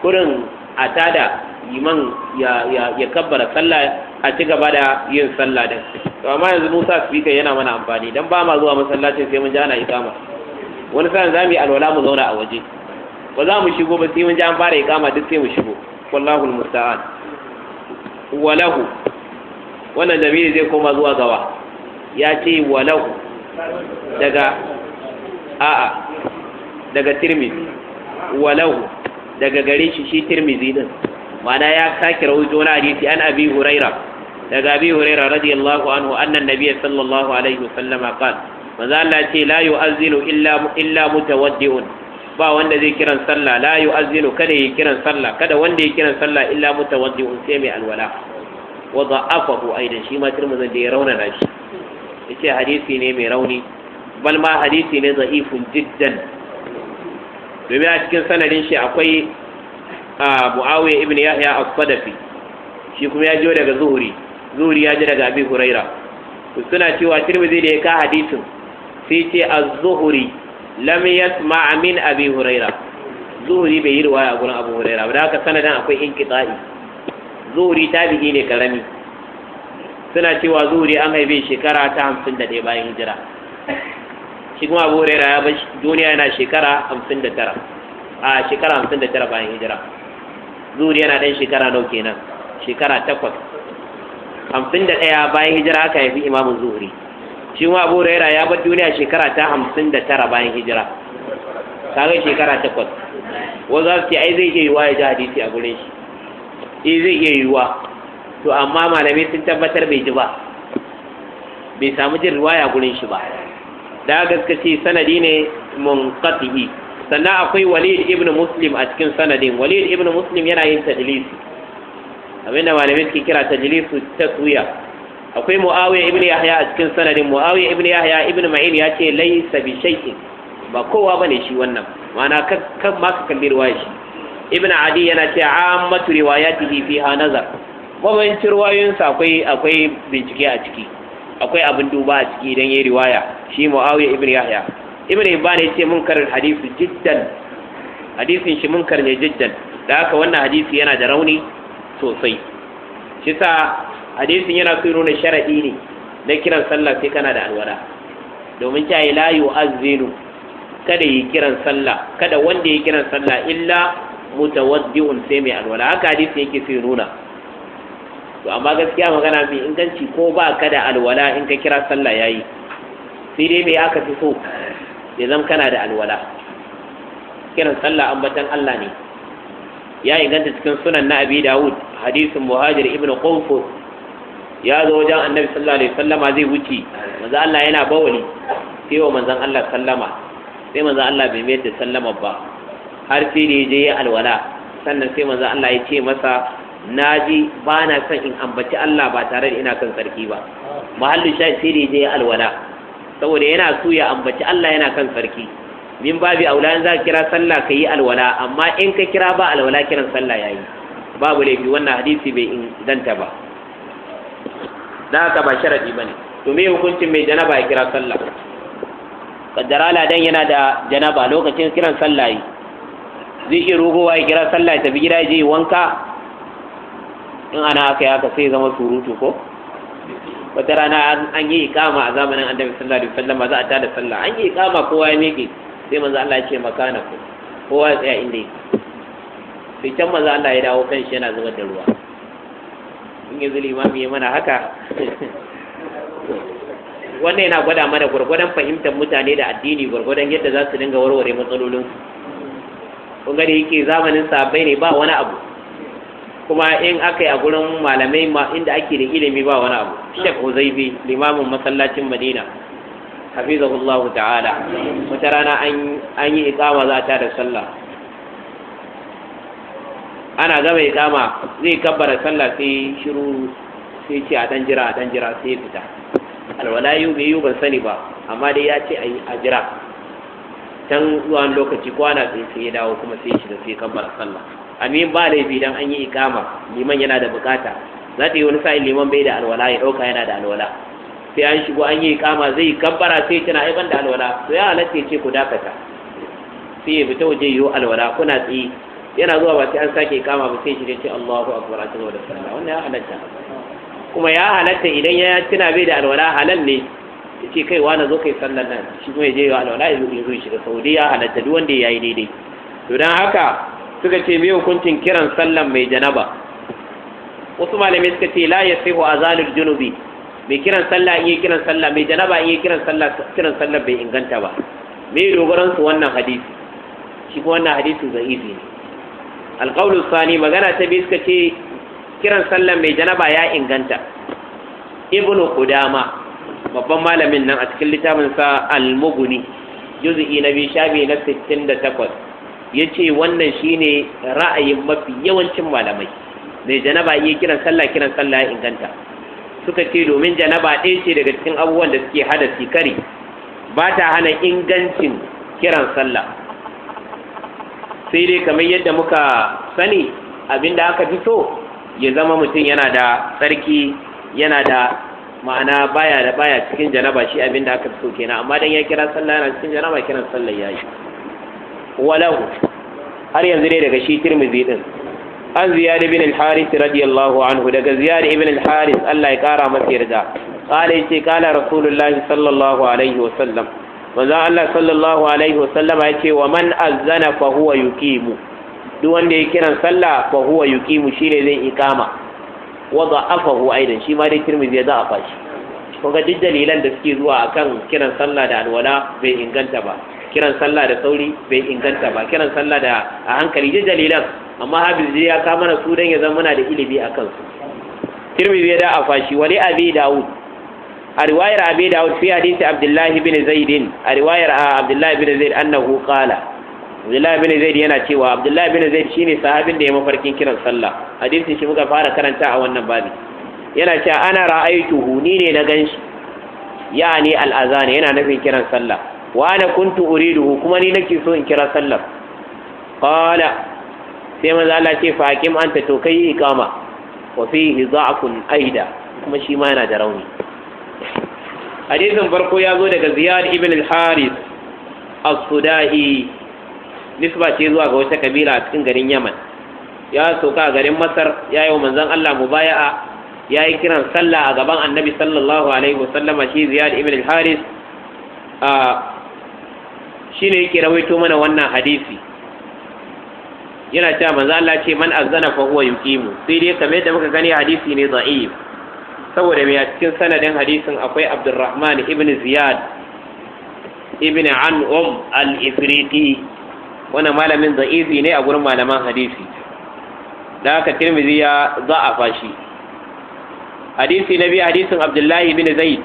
kurin a tada liman ya kabbara sallah a ci gaba da yin sallah din to amma yanzu Musa speaker yana mana amfani dan ba ma zuwa masallacin sai mun ji ana ikama wani sa'an zamu yi alwala mu zauna a waje ba za mu shigo ba sai mun ji an fara ikama duk sai mu shigo wallahu musta'an walahu wannan damiri zai koma zuwa gawa ya ce walahu daga a'a daga tirmizi walahu daga gare shi shi tirmizi din ma'ana ya sake rahoto wani hadisi an abi huraira daga abi huraira radiyallahu anhu annan nabiyyi sallallahu alaihi wasallam qal manzo Allah ce la yu'azzinu illa illa mutawaddi'un ba wanda zai kiran sallah la yu'azzinu kada ya kiran sallah kada wanda ya kiran sallah illa mutawaddi'un sai mai alwala wa da'afahu aidan shi ma tirmidhi da ya raunana shi yace hadisi ne mai rauni bal ma hadisi ne za'ifun jiddan domin a cikin sanadin shi akwai a muawiya ibn yahya as-sadafi shi kuma ya jiyo daga zuhuri zuri ya ji daga abi huraira suna cewa tirmidhi da ya ka hadisin sai ce az-zuhri lam yasma' min abi huraira zuhri bai yi riwaya a gurin abu huraira ba da haka sanadan akwai inqita'i zuhri tabi'i ne karami suna cewa zuhri an haife shekara ta hamsin da ɗaya bayan hijira shi kuma abu huraira ya bar duniya yana shekara hamsin da tara a shekara hamsin da tara bayan hijira zuhri yana ɗan shekara nau kenan shekara takwas hamsin da ɗaya bayan hijira aka haifi imamun zuhri shi ma abu raira ya bar duniya shekara ta hamsin da tara bayan hijira kaga shekara takwas wa za su ce ai zai iya yiwuwa ya ji hadisi a gurin shi eh zai iya yiwuwa to amma malamai sun tabbatar bai ji ba bai samu jin riwaya gurin shi ba da gaskaci sanadi ne munqati'i sannan akwai walid ibn muslim a cikin sanadin walid ibn muslim yana yin tadlisi abinda malamai suke kira tajlisu taswiya akwai muawiya ibn yahya a cikin sanadin muawiya ibn yahya ibn ma'in ya ce laysa bi shay'in ba kowa bane shi wannan ma'ana kan ma ka kalli riwaya shi ibn adi yana ce ammatu riwayatihi fiha nazar mabancin sa akwai akwai bincike a ciki akwai abin duba a ciki idan yayi riwaya shi muawiya ibn yahya ibn hibban ya ce munkar hadisi jiddan hadisin shi munkar ne jiddan da haka wannan hadisi yana da rauni sosai shi sa hadisin yana so nuna sharaɗi ne na kiran sallah sai kana da alwala domin ta yi layu azinu kada yi kiran sallah kada wanda yi kiran sallah illa mutawaddi'un sai mai alwala haka hadisin yake so nuna to amma gaskiya magana mai inganci ko ba ka da alwala in ka kira sallah yayi sai dai mai aka fi so ya zama kana da alwala kiran sallah ambatan Allah ne ya inganta cikin sunan na abi dawud hadisin muhajir ibn qawfur ya zo wajen annabi sallallahu alaihi sallama zai wuce manzo Allah yana bawali sai wa manzon Allah sallama sai manzo Allah bai mayar da sallama ba har sai da je ya alwala sannan sai maza Allah ya ce masa naji ba na son in ambaci Allah ba tare da ina kan sarki ba mahallin shayi sai da je ya alwala saboda yana so ya ambaci Allah yana kan sarki min babi aula in za ka kira sallah ka yi alwala amma in ka kira ba alwala kiran sallah ya yi, babu laifi wannan hadisi bai inganta ba da haka ba sharadi ne to me hukuncin mai janaba ya kira sallah kaddara ladan yana da janaba lokacin kiran sallah yi zai iya rogowa ya kira sallah ya tafi gida ya je wanka in ana haka ya haka sai zama surutu ko wata rana an yi ikama a zamanin annabi sallallahu alaihi wasallam za a tada sallah an yi ikama kowa ya miƙe sai manzo Allah ya ce makana ku kowa ya tsaya inda yake sai can manzo Allah ya dawo kan shi yana zubar da ruwa in yanzu limami ya mana haka wannan yana gwada mana gwargwadon fahimtar mutane da addini gwargwadon yadda za su dinga warware matsalolin kun gani yake zamanin sabai ne ba wani abu kuma in aka yi a gurin malamai ma inda ake da ilimi ba wani abu shek uzaibi limamin masallacin madina hafizahullahu ta'ala wata rana an yi ikama za ta da sallah ana gama ikama zai kabbara sallah sai shiru sai ce a dan jira a dan jira sai fita alwala yu bai yu ban sani ba amma dai ya ce a yi a jira can zuwa lokaci kwana sai sai ya dawo kuma sai shiga sai kabbara sallah amin ba laifi dan an yi ikama liman yana da bukata za ta yi wani sa'in liman bai da alwala ya dauka yana da alwala sai an shigo an yi kama zai kabbara sai tana ai banda alwala to ya halatta ce ku dakata sai ya fita waje yo alwala kuna tsaye yana zuwa ba sai an sake kama ba sai shirye ce Allahu akbar ta da sallah wannan ya halatta kuma ya halatta idan ya tuna bai da alwala halal ne yace kai wa na zo kai sallar nan shi kuma ya je wa alwala ya zo ya shiga Saudi ya halatta duk wanda yayi daidai to dan haka suka ce me hukuncin kiran sallan mai janaba wasu malamai suka ce la yasihu azalul junubi mai kiran sallah in yi kiran sallah mai janaba in yi kiran sallah kiran sallah bai inganta ba me dogaran su wannan hadisi shi kuma wannan zai da'ifi ne alqawlu sani magana ta biyu suka ce kiran sallah mai janaba ya inganta ibnu qudama babban malamin nan a cikin littafin sa almuguni mughni juz'i na biyu shabi na 68 yace wannan shine ra'ayin mafi yawancin malamai mai janaba iya kiran sallah kiran sallah ya inganta suka ce domin janaba ɗaya ce daga cikin abubuwan da suke hada sikari ba ta hana ingancin kiran sallah sai dai kamar yadda muka sani abinda aka fi so ya zama mutum yana da tsarki yana da ma'ana baya da baya cikin janaba shi abinda aka fi so kenan amma dan ya kira sallah yana cikin janaba kiran sallah yayi Walau har yanzu dai daga shi tirmidhi din an ziyar ibn al-haris radiyallahu anhu daga ziyar ibn al-haris Allah ya kara masa yarda qala yace qala rasulullah sallallahu alaihi wa sallam manzo Allah sallallahu alaihi wa sallama yace wa man azzana fa huwa yuqimu duk wanda ya kiran sallah fa huwa yuqimu shine zai iqama wa da'afahu aidan shi ma dai tirmidhi ya da'afa shi ga duk dalilan da suke zuwa akan kiran sallah da alwala bai inganta ba kiran sallah da sauri bai inganta ba kiran sallah da a hankali duk dalilan amma hafiz ya ka mana su dan ya zama muna da ilimi a kansu tirmidhi ya da afashi wali abi daud a riwayar abi daud fi hadisi abdullah ibn zaid a riwayar abdullah ibn zaid annahu qala abdullah ibn zaid yana cewa abdullah ibn zaid shine sahabin da ya mafarkin kiran sallah hadisi shi muka fara karanta a wannan babi yana cewa ana ra'aytuhu ni ne na ganshi yani al-azan yana nufin kiran sallah wa ana kuntu uriduhu kuma ni nake so in kira sallah qala sai maza Allah ce fa hakim ta to kai iqama wa fihi da'fun aida kuma shi ma yana da rauni hadisin farko ya zo daga ziyarar ibn al-Haris as-Sudai nisba ce zuwa ga wata kabila a cikin garin Yaman ya soka a garin Masar ya yi wa manzon Allah mubaya'a ya yi kiran sallah a gaban annabi sallallahu alaihi wasallama shi ziyar ibn al-Haris a ah, ne yake rawaito mana wannan hadisi yana cewa manzo Allah ce man azana fa huwa yuqimu sai dai kamar yadda muka gani hadisi ne da'if saboda mai a cikin sanadin hadisin akwai Abdurrahman ibn Ziyad ibn um al-Ifriqi wannan malamin da'ifi ne a gurin malaman hadisi da haka Tirmidhi ya za'afa shi hadisi na biyu hadisin Abdullahi ibn Zaid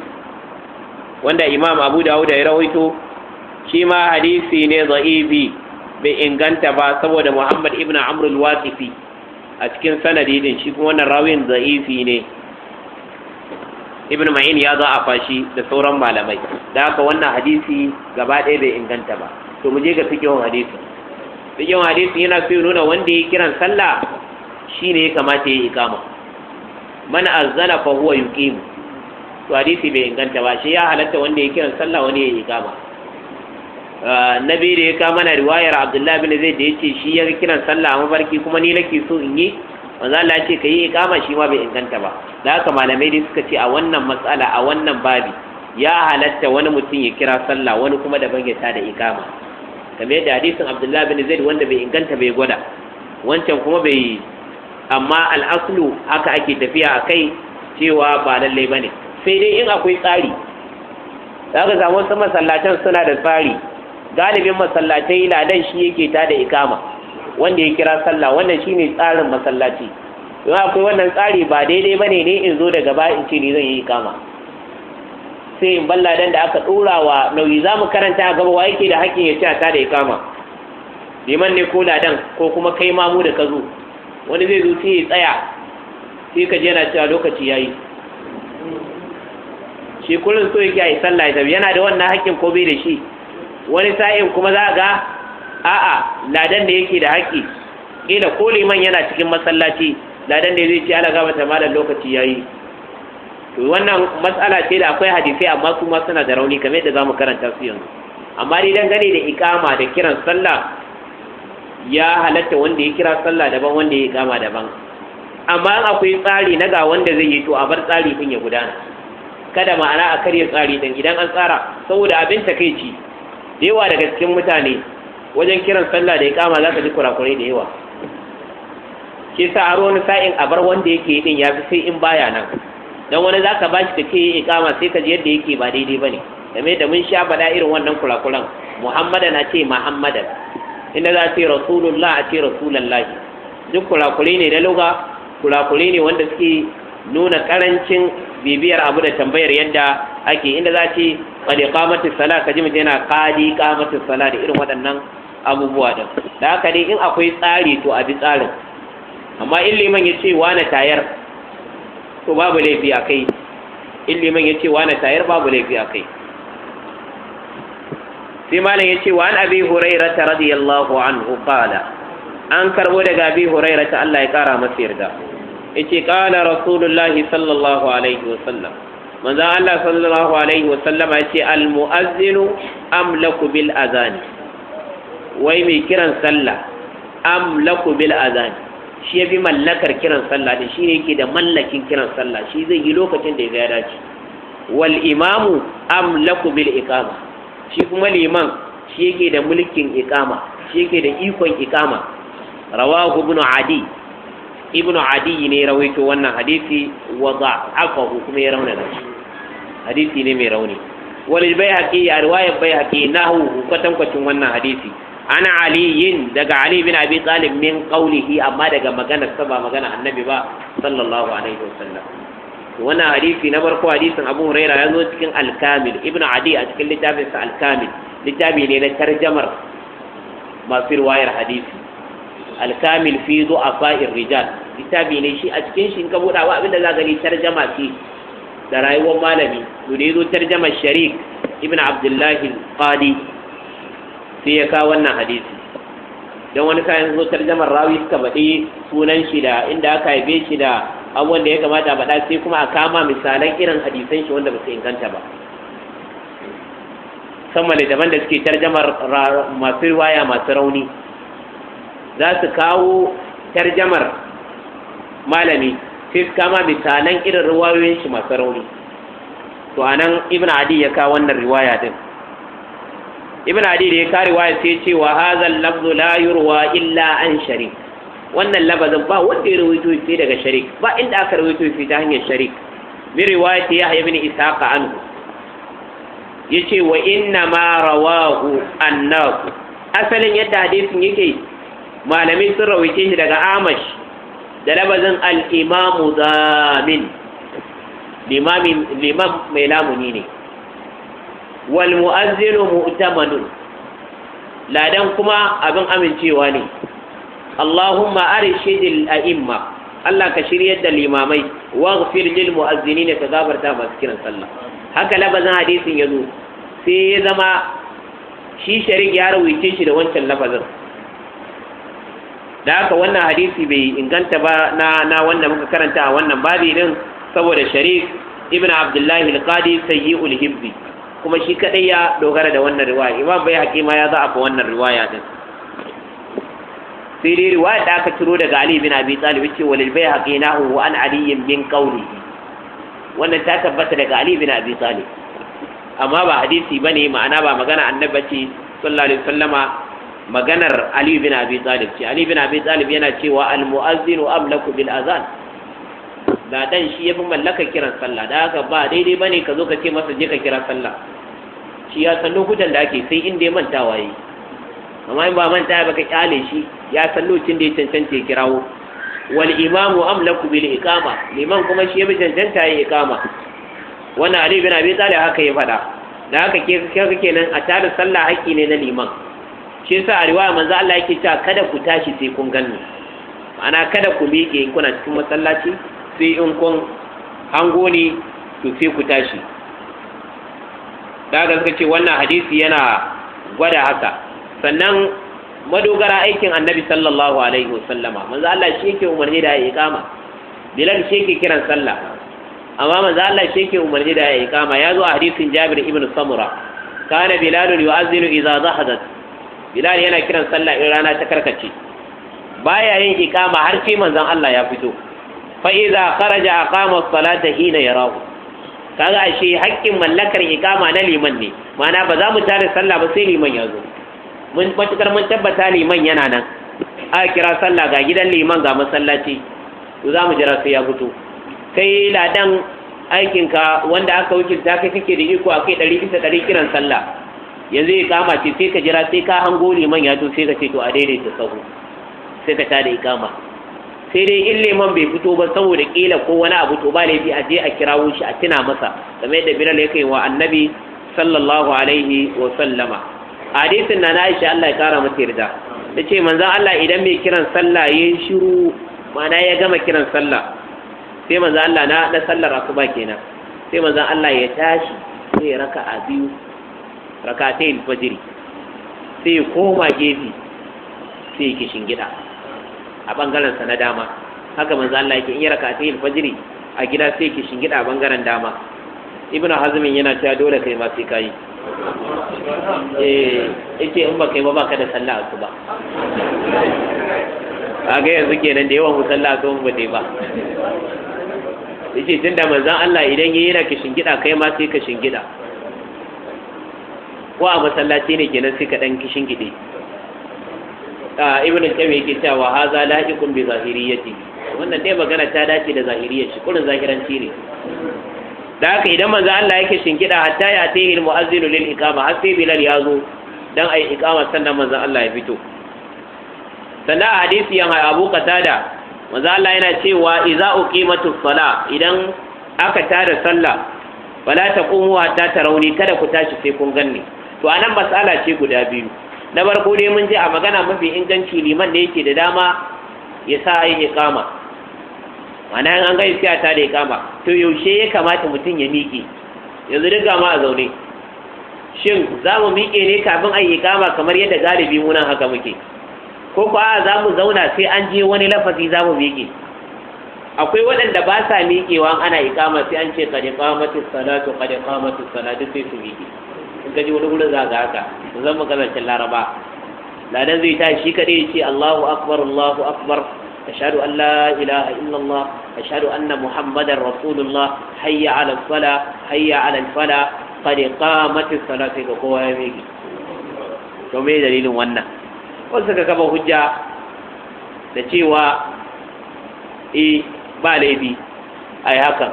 wanda Imam Abu Dawud ya rawaito shi ma hadisi ne da'ifi bai inganta ba saboda Muhammad ibn Amr al-Wasifi a cikin sanadi din shi kuma wannan rawin za'ifi ne Ibn Ma'in ya za a fashi da sauran malamai da haka wannan hadisi gaba ɗaya bai inganta ba to mu je ga fikihun hadisi fikihun hadisi yana so nuna wanda ya kiran sallah shine ya kamata ya ikama man azzala fa huwa yuqim to hadisi bai inganta ba shi ya halatta wanda ya kiran sallah wani ya ikama nabi da ya kama na riwayar abdullahi bin zai da ya ce shi ya kiran sallah a mafarki kuma ni nake so in yi manzo Allah ya ce ka yi shi ma bai inganta ba da haka malamai dai suka ce a wannan matsala a wannan babi ya halatta wani mutum ya kira sallah wani kuma da ya tada kamar yadda hadisin abdullahi bin zaid wanda bai inganta bai gwada wancan kuma bai yi. amma al'aslu haka ake tafiya a kai cewa ba lallai ba ne. sai dai in akwai tsari za ka samu wasu masallacin suna da tsari galibin masallatai ladan shi yake ta da ikama wanda ya kira sallah wannan shine tsarin masallaci don akwai wannan tsari ba daidai bane ne in zo daga ba in ce ni zan yi ikama sai in balla dan da aka dora wa nauyi za mu karanta a gaba wa yake da hakkin ya ce ta da ikama liman ne ko ladan ko kuma kai mamu da ka zo wani zai zo sai ya tsaya sai ka je yana cewa lokaci yayi shi kullum so yake a yi sallah ya tafi yana da wannan hakkin ko bai da shi wani sa'in kuma za ga a'a ladan da yake da haƙƙi ƙila ko liman yana cikin masallaci ladan da zai ce ala gaba ta malam lokaci yayi to wannan matsala ce da akwai hadisai amma su ma suna da rauni kamar yadda zamu karanta su yanzu amma dai gane da ikama da kiran sallah ya halatta wanda ya kira sallah daban wanda ya ikama daban amma in akwai tsari na ga wanda zai yi to a bar tsari din ya gudana kada ma'ana a karya tsari din idan an tsara saboda abin takeici yawa daga cikin mutane wajen kiran sallah da ya kama za ka ji kurakurai da yawa shi sa aro wani sa'in a bar wanda yake din ya fi sai in baya nan dan wani za ka bashi shi ke yin kama sai ka ji yadda yake ba daidai ba ne. game da mun sha bada irin wannan kurakuran muhammada na ce muhammadan inda za ce rasulullah a ce rasulullah duk kurakurai ne da luga kurakurai ne wanda suke nuna karancin bibiyar abu da tambayar yadda ake inda za ce qad iqamati sala ka ji yana ƙadi, iqamati sala, da irin waɗannan abubuwa din da haka dai in akwai tsari to a bi tsarin amma in liman ya ce na tayar to babu laifi a kai in liman ya ce na tayar babu laifi a kai sai malam ya ce wa an abi hurairata radiyallahu anhu qala an karbo daga abi hurairata Allah ya kara masa yarda yace qala rasulullahi sallallahu alaihi wasallam manzo Allah sallallahu alaihi sallama yace al muazzinu amlaku bil azani wai mai kiran sallah amlaku bil azani shi yafi mallakar kiran sallah ne shi yake da mallakin kiran sallah shi zai yi lokacin da ya dace wal imamu amlaku bil iqama shi kuma liman shi yake da mulkin iqama shi yake da ikon iqama rawahu ibn adi ibnu adi ne rawaito wannan hadisi wa da'afahu kuma ya rauna da shi hadisi ne mai rauni wal bayhaqi a riwayar bayhaqi nahu kwatan kwacin wannan hadisi ana aliyin daga ali bin abi talib min qawlihi amma daga magana sa ba magana annabi ba sallallahu alaihi wasallam wannan hadisi na farko hadisin abu huraira ya zo cikin alkamil ibnu adi a cikin littafin sa alkamil littafi ne na tarjamar masu riwayar hadisi alkamil fi fain rijal littafi ne shi a cikin shi in ka buɗa wa abinda za gani tarjama ce da rayuwar malami to ne zo tarjama sharik ibn abdullahi qadi sai ya kawo wannan hadisi don wani kayan zo tarjamar rawi suka baɗi sunan shi da inda aka haife shi da abubuwan da ya kamata a baɗa sai kuma a kama misalan irin hadisan shi wanda ba su inganta ba sama da daban da suke tarjamar masu riwaya masu rauni za su kawo tarjamar malami sai su kama misalan irin ruwayoyin shi masu rauni to anan ibn adi ya kawo wannan riwaya din ibn adi da ya kawo riwaya sai ce wa hazal lafzu la yurwa illa an sharik wannan labazin ba wanda ya rawaito shi daga sharik ba inda aka rawaito shi ta hanyar sharik bi riwayati yahya ibn isaqa an yace wa inna ma rawahu annas asalin yadda hadisin yake malamai sun rawaice shi daga amash da labazin al'imamu zamin liman mai lamuni ne wal mu'azzinu mu'tamanun ladan kuma abin amincewa ne Allahumma arshidil a'imma Allah ka shiryar da limamai waghfir lil ne ka gafarta masu kiran sallah haka labazin hadisin yazo sai ya zama shi sharik ya rawaice shi da wancan labazin da haka wannan hadisi bai inganta ba na na wannan muka karanta a wannan babi din saboda sharif ibn abdullahi al-qadi sayyi'ul hibbi kuma shi kadai ya dogara da wannan riwaya imam bai hakima ya za'afa wannan riwaya din sai dai riwaya da aka ciro daga ali bin abi talib ce walil bai haqinahu wa an ali min qawli wannan ta tabbata daga ali bin abi talib amma ba hadisi bane ma'ana ba magana annabi ce sallallahu alaihi wasallama maganar Ali bin Abi Talib ce Ali bin Abi Talib yana cewa al-mu'azzinu amlaku bil azan dan shi yafi mallaka kiran sallah da haka ba daidai bane ka zo ka ce masa je ka kira sallah shi ya san lokutan da ake sai inda ya manta waye amma in ba manta ba ka kyale shi ya san lokacin da ya cancanta ya kirawo wal imamu amlaku bil iqama liman kuma shi yafi cancanta ya iqama wannan Ali bin Abi Talib haka ya faɗa da haka ke kake nan a tare sallah haƙƙi ne na liman shi yasa a riwaya manzo Allah yake cewa kada ku tashi sai kun ganni ma'ana kada ku miƙe kuna cikin masallaci sai in kun hango ne to sai ku tashi daga suka ce wannan hadisi yana gwada haka sannan madogara aikin annabi sallallahu alaihi wasallama manzo Allah shi yake umarni da ya iqama bilal shi yake kiran sallah amma manzo Allah shi yake umarni da ya iqama ya zo a hadisin Jabir ibn Samura kana bilal yu'azzinu idza zahadat bilal yana kiran sallah in rana ta karkace baya yin ikama har sai manzon Allah ya fito fa iza kharaja aqama as-salata hina yarahu kaga ashe haƙƙin mallakar ikama na liman ne ma'ana ba za mu tare sallah ba sai liman ya zo mun matukar mun tabbata liman yana nan a kira sallah ga gidan liman ga masallaci to za mu jira sai ya fito kai ladan aikinka wanda aka wuce ta kai kake da iko akai ɗari 100 kiran sallah yanzu ya kama ce sai ka jira sai ka hango liman ya to sai ka ce to a daidaita sahu sai ka tada ikama sai dai in liman bai fito ba saboda kila ko wani abu to ba laifi a je a kirawo shi a tuna masa kamar yadda bilal ya kai wa annabi sallallahu alaihi wa sallama hadisin na na Aisha Allah ya kara mata yarda tace manzon Allah idan mai kiran sallah yi shiru mana ya gama kiran sallah sai manzon Allah na na sallar asuba kenan sai manzon Allah ya tashi sai raka'a biyu rakatai alfajiri sai ya koma gefe sai ya kishin gida a bangaren sa na dama haka manzo Allah yake in yi rakatai alfajiri a gida sai kishin gida a bangaren dama ibnu hazmin yana cewa dole kai ma sai kai eh yake in ba kai ba baka da sallah a kaga yanzu kenan da yawan musalla sun bude ba tun tunda manzon Allah idan yayi na kishin gida kai ma sai ka shingida ko a masallaci ne kenan sai ka dan kishin gide ibn al-qayyim yake cewa haza la'iqun bi zahiriyyati wannan dai magana ta dace da zahiriyyar shi kullun zahiranci ne da haka idan manzo Allah yake shingida hatta ya tayi mu'azzinu lil iqama har sai bilal ya zo dan ayi iqama sannan manzo Allah ya fito sannan a hadisi yan Abu Qatada manzo Allah yana cewa idza uqimatu sala idan aka tada sallah wala taqumu hatta tarawni kada ku tashi sai kun ganni to anan matsala ce guda biyu na farko dai mun je a magana mafi inganci liman da yake da dama ya sa yin mana yin an ga iska ta da to yaushe ya kamata mutum ya miƙe yanzu duk gama a zaune shin za mu miƙe ne kafin a yi iqama kamar yadda galibi muna haka muke ko ko a za mu zauna sai an je wani lafazi za mu miƙe akwai waɗanda ba sa miƙewa ana iqama sai an ce qad qamatis salatu qad qamatis salatu sai su miƙe in ka ji wani gudun zaga haka zan makazancin laraba ladan zai ta shi kaɗai ce allahu akbar allahu akbar ashhadu an la ilaha illallah ashhadu anna muhammadan rasulullah hayya ala hayya ala fala qad qamati salati ga kowa ya miki to me dalilin wannan wasu suka kafa hujja da cewa e ba laifi a yi hakan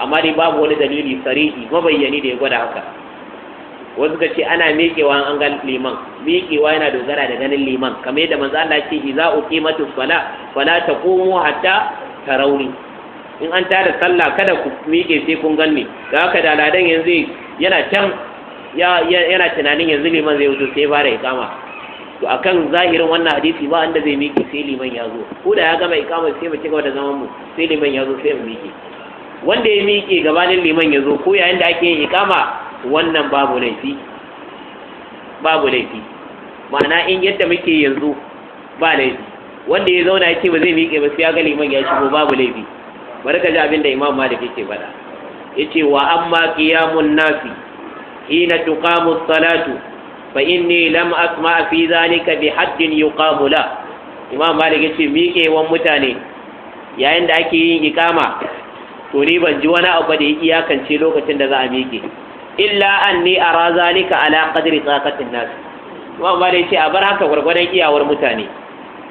amma ni babu wani dalili fari'i mabayyani da ya gwada haka wasu ka ce ana miƙewa an ga liman miƙewa yana dogara da ganin liman kamar yadda manzo Allah ce iza uqimatu sala fala taqumu hatta tarawni in an tada sallah kada ku miƙe sai kun ganni da haka da ladan yanzu yana can yana tunanin yanzu liman zai wuce sai fara ikama. to akan zahirin wannan hadisi ba anda zai miƙe sai liman ya zo ko da ya gama ikama sai mu ci gaba da zaman mu sai liman ya zo sai mu miƙe wanda ya miƙe gabanin liman ya zo ko yayin da ake yin ikama. wannan babu laifi babu laifi ma'ana in yadda muke yanzu ba laifi wanda ya zauna ya ba zai miƙe ba sai ya ga liman ya shigo babu laifi bari ka ji abin da imam malik yake faɗa yace wa amma qiyamun nasi hina tuqamu salatu fa inni lam asma fi zalika bi haddin yuqamu imam malik yace wan mutane yayin da ake yin iqama to ni ban ji wani abu da ya iyakance lokacin da za a miƙe illa anni ara zalika ala qadri taqatin nas wa ba dai ce a bar haka gwargwadon iyawar mutane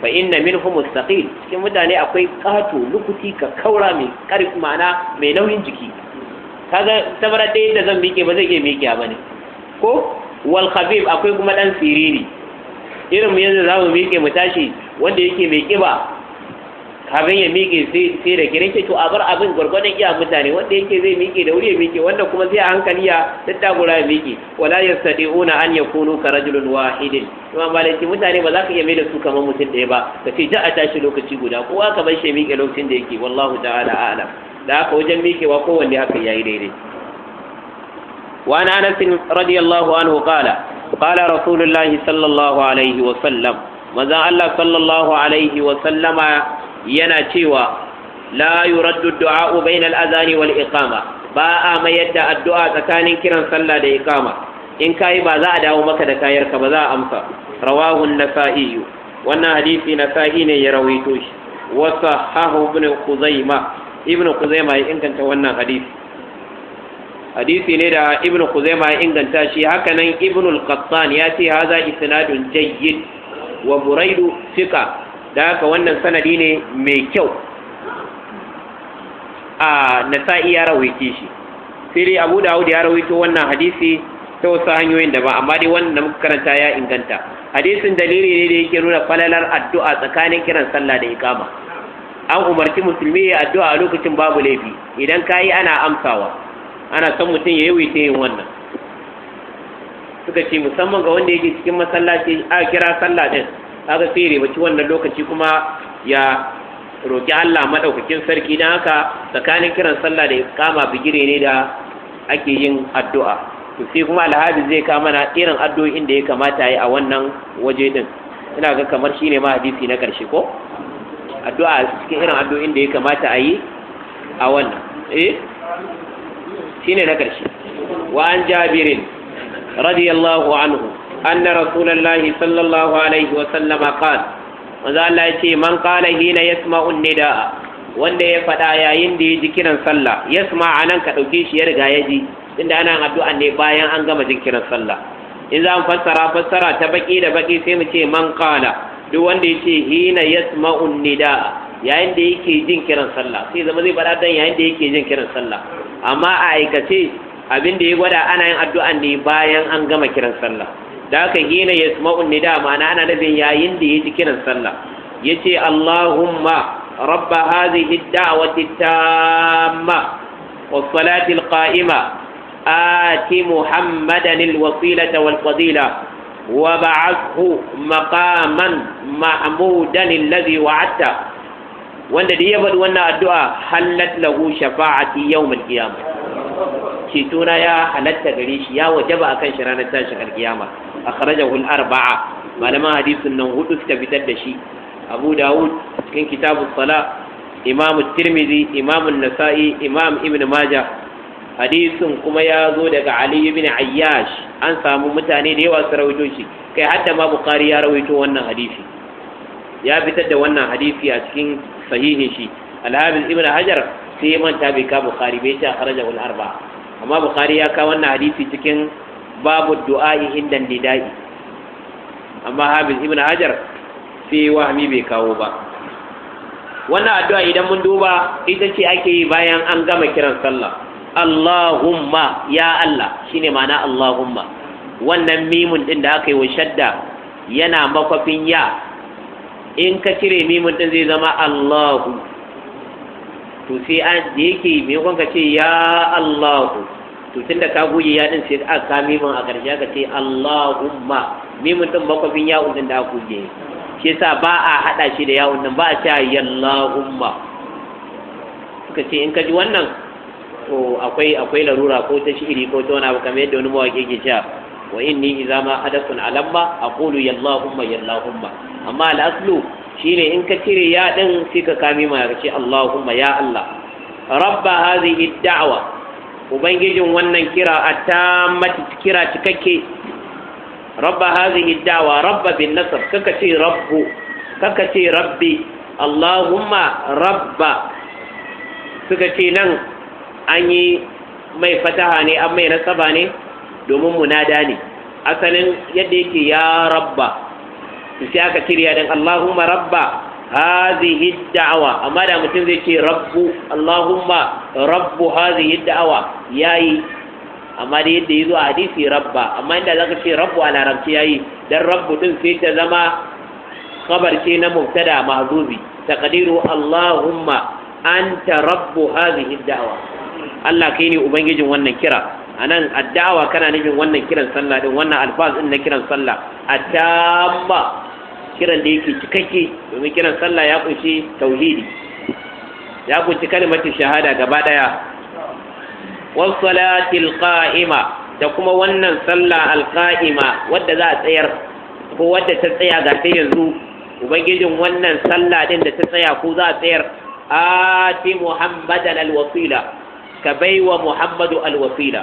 fa inna minhum mustaqil cikin mutane akwai kato lukuti ka kaura mai karfi ma'ana mai nauyin jiki kaga tabar da yadda zan miƙe ba zai iya miƙe ba ne ko wal khabib akwai kuma dan siriri irin mu yanzu zamu miƙe mu tashi wanda yake mai kiba kafin ya miƙe sai da kirin ke to a bar abin gwargwadon iya mutane wanda yake zai miƙe da wuri ya miƙe wanda kuma sai a hankali ya tattagura ya miƙe wala yastati'una an yakunu ka rajulun wahidin kuma malaki mutane ba za ka iya mai da su kamar mutum ɗaya ba ka ce ja a tashi lokaci guda kowa ka bar shi ya miƙe lokacin da yake wallahu ta'ala da haka wajen miƙewa kowanne haka yayi daidai وعن انس رضي الله عنه قال قال رسول الله صلى الله عليه وسلم ماذا الله صلى الله عليه وسلم yana cewa la yuraddu du'a bainal azani wal iqama ba a mayar yadda addu'a tsakanin kiran sallah da iqama in kai ba za a dawo maka da kayarka ba za a amsa rawahu an-nasa'i wannan hadisi nasa'i ne ya rawaito shi wa sahahu ibn khuzaima ibn khuzaima ya inganta wannan hadisi hadisi ne da ibn khuzaima ya inganta shi haka nan ibn al-qattan ya ce haza isnadun jayyid wa buraidu fiqa da haka wannan sanadi ne mai kyau a nasa'i ya rawaike shi sai dai abu dawud ya rawaito wannan hadisi ta wasu hanyoyin da ba amma dai wannan da muka karanta ya inganta hadisin dalili ne da yake nuna falalar addu'a tsakanin kiran sallah da iqama an umarci musulmi ya addu'a a lokacin babu laifi idan ka ana amsawa ana son mutum ya yi yin wannan suka ce musamman ga wanda yake cikin masallaci a kira sallah din kaga sai rebaci wannan lokaci kuma ya roƙi Allah maɗaukakin sarki don haka tsakanin kiran sallah da kama bigire ne da ake yin addu'a to sai kuma alhaji zai kama na irin addu'o'in da ya kamata yi a wannan waje din ina ga kamar shine ma hadisi na ƙarshe ko addu'a cikin irin addu'o'in da ya kamata a yi a wannan eh shine na ƙarshe wa an jabirin radiyallahu anhu anna rasulullahi sallallahu alaihi wa sallama qala manzo Allah ya ce man qala hina yasma'u nidaa wanda ya faɗa yayin da ya ji kiran sallah yasma anan ka dauke shi ya riga ya ji inda ana addu'a ne bayan an gama jin kiran sallah in za mu fassara fassara ta baki da baki sai mu ce man qala duk wanda ya ce hina yasma'u nidaa yayin da yake jin kiran sallah sai zama zai faɗa dan yayin da yake jin kiran sallah amma a aikace abin da ya gwada ana yin addu'a ne bayan an gama kiran sallah da aka hina ya sma'un nida ma'ana ana nufin yayin da ya ji kiran sallah ya ce Allahumma rabba hazihi da'wati tamma qa'ima القائمة آت محمدا الوسيلة والفضيلة وبعثه maqaman محمودا الذي وعدته wanda da ya faɗi wannan addu'a hallat lahu shafa'ati yau qiyamah cetona ya halatta gare shi ya wajaba akan shi ranar tashin kiyama akhrajahu al-arba'a malaman hadisin nan hudu suka fitar da shi abu dawud cikin kitabu sala imam tirmidhi imam nasa'i imam ibn majah hadisin kuma ya zo daga ali ibn ayyash an samu mutane da yawa su rawaito shi kai hadda ma bukhari ya rawaito wannan hadisi ya fitar da wannan hadisi a cikin sahihin shi alhabis ibn hajar sai ya manta bai ka bukhari bai ta kharaja arba amma bukhari ya ka wannan hadisi cikin babu du'a'i inda nida'i amma hafiz ibn hajar sai wahmi bai kawo ba wannan addu'a idan mun duba ita ce ake yi bayan an gama kiran sallah Allahumma ya Allah shine ma'ana Allahumma wannan mimun din da aka yi wa shadda yana makwafin ya in ka cire mimun din zai zama Allahu to sai an da yake mai ka ce ya Allahu to tunda ka goge ya din sai aka ka mimin a ƙarshe ka ce Allahumma mimin din bakwafin ya'un din da aka goge shi yasa ba a hada shi da ya'un din ba a cewa yallahumma suka ce in ka ji wannan to akwai akwai larura ko ta shi'iri ko ta wani abu kamar yadda wani mawaƙi ke cewa wa inni idza ma hadathun alamma aqulu yallahumma yallahumma amma al'aslu shi shine in ka cire ya din sai ka kame ma ka ce Allahumma ya Allah rabba hadhihi ad-da'wa ubangijin wannan kira a ta mati kira cikakke rabba hadhihi da'wa rabba bin nasar kaka ce rabbu kaka ce rabbi allahumma rabba suka ce nan an yi mai fataha ne an mai nasaba ne domin munada ne asalin yadda yake ya rabba sai aka kirya dan allahumma rabba hadhihi da'awa amma da mutum zai ce rabbu allahumma rabbu hadhihi da'awa yayi amma da yadda zo a hadisi rabba amma inda zaka ce rabbu a larabci yayi dan rabbu din sai ta zama khabar ce na mubtada mahzubi taqdiru allahumma anta rabbu hadhihi da'awa Allah kai ne ubangijin wannan kira anan addawa kana nufin wannan kiran sallah din wannan alfaz din na kiran sallah atamma kiran da yake cikakke domin kiran sallah ya kunshi tauhidi ya kunshi kalmatin shahada gaba daya was salatil qa'ima da kuma wannan sallah alqa'ima wadda za a tsayar ko wadda ta tsaya ga sai yanzu ubangijin wannan sallah din da ta tsaya ko za a tsayar ati muhammadan alwasila ka baiwa muhammadu alwasila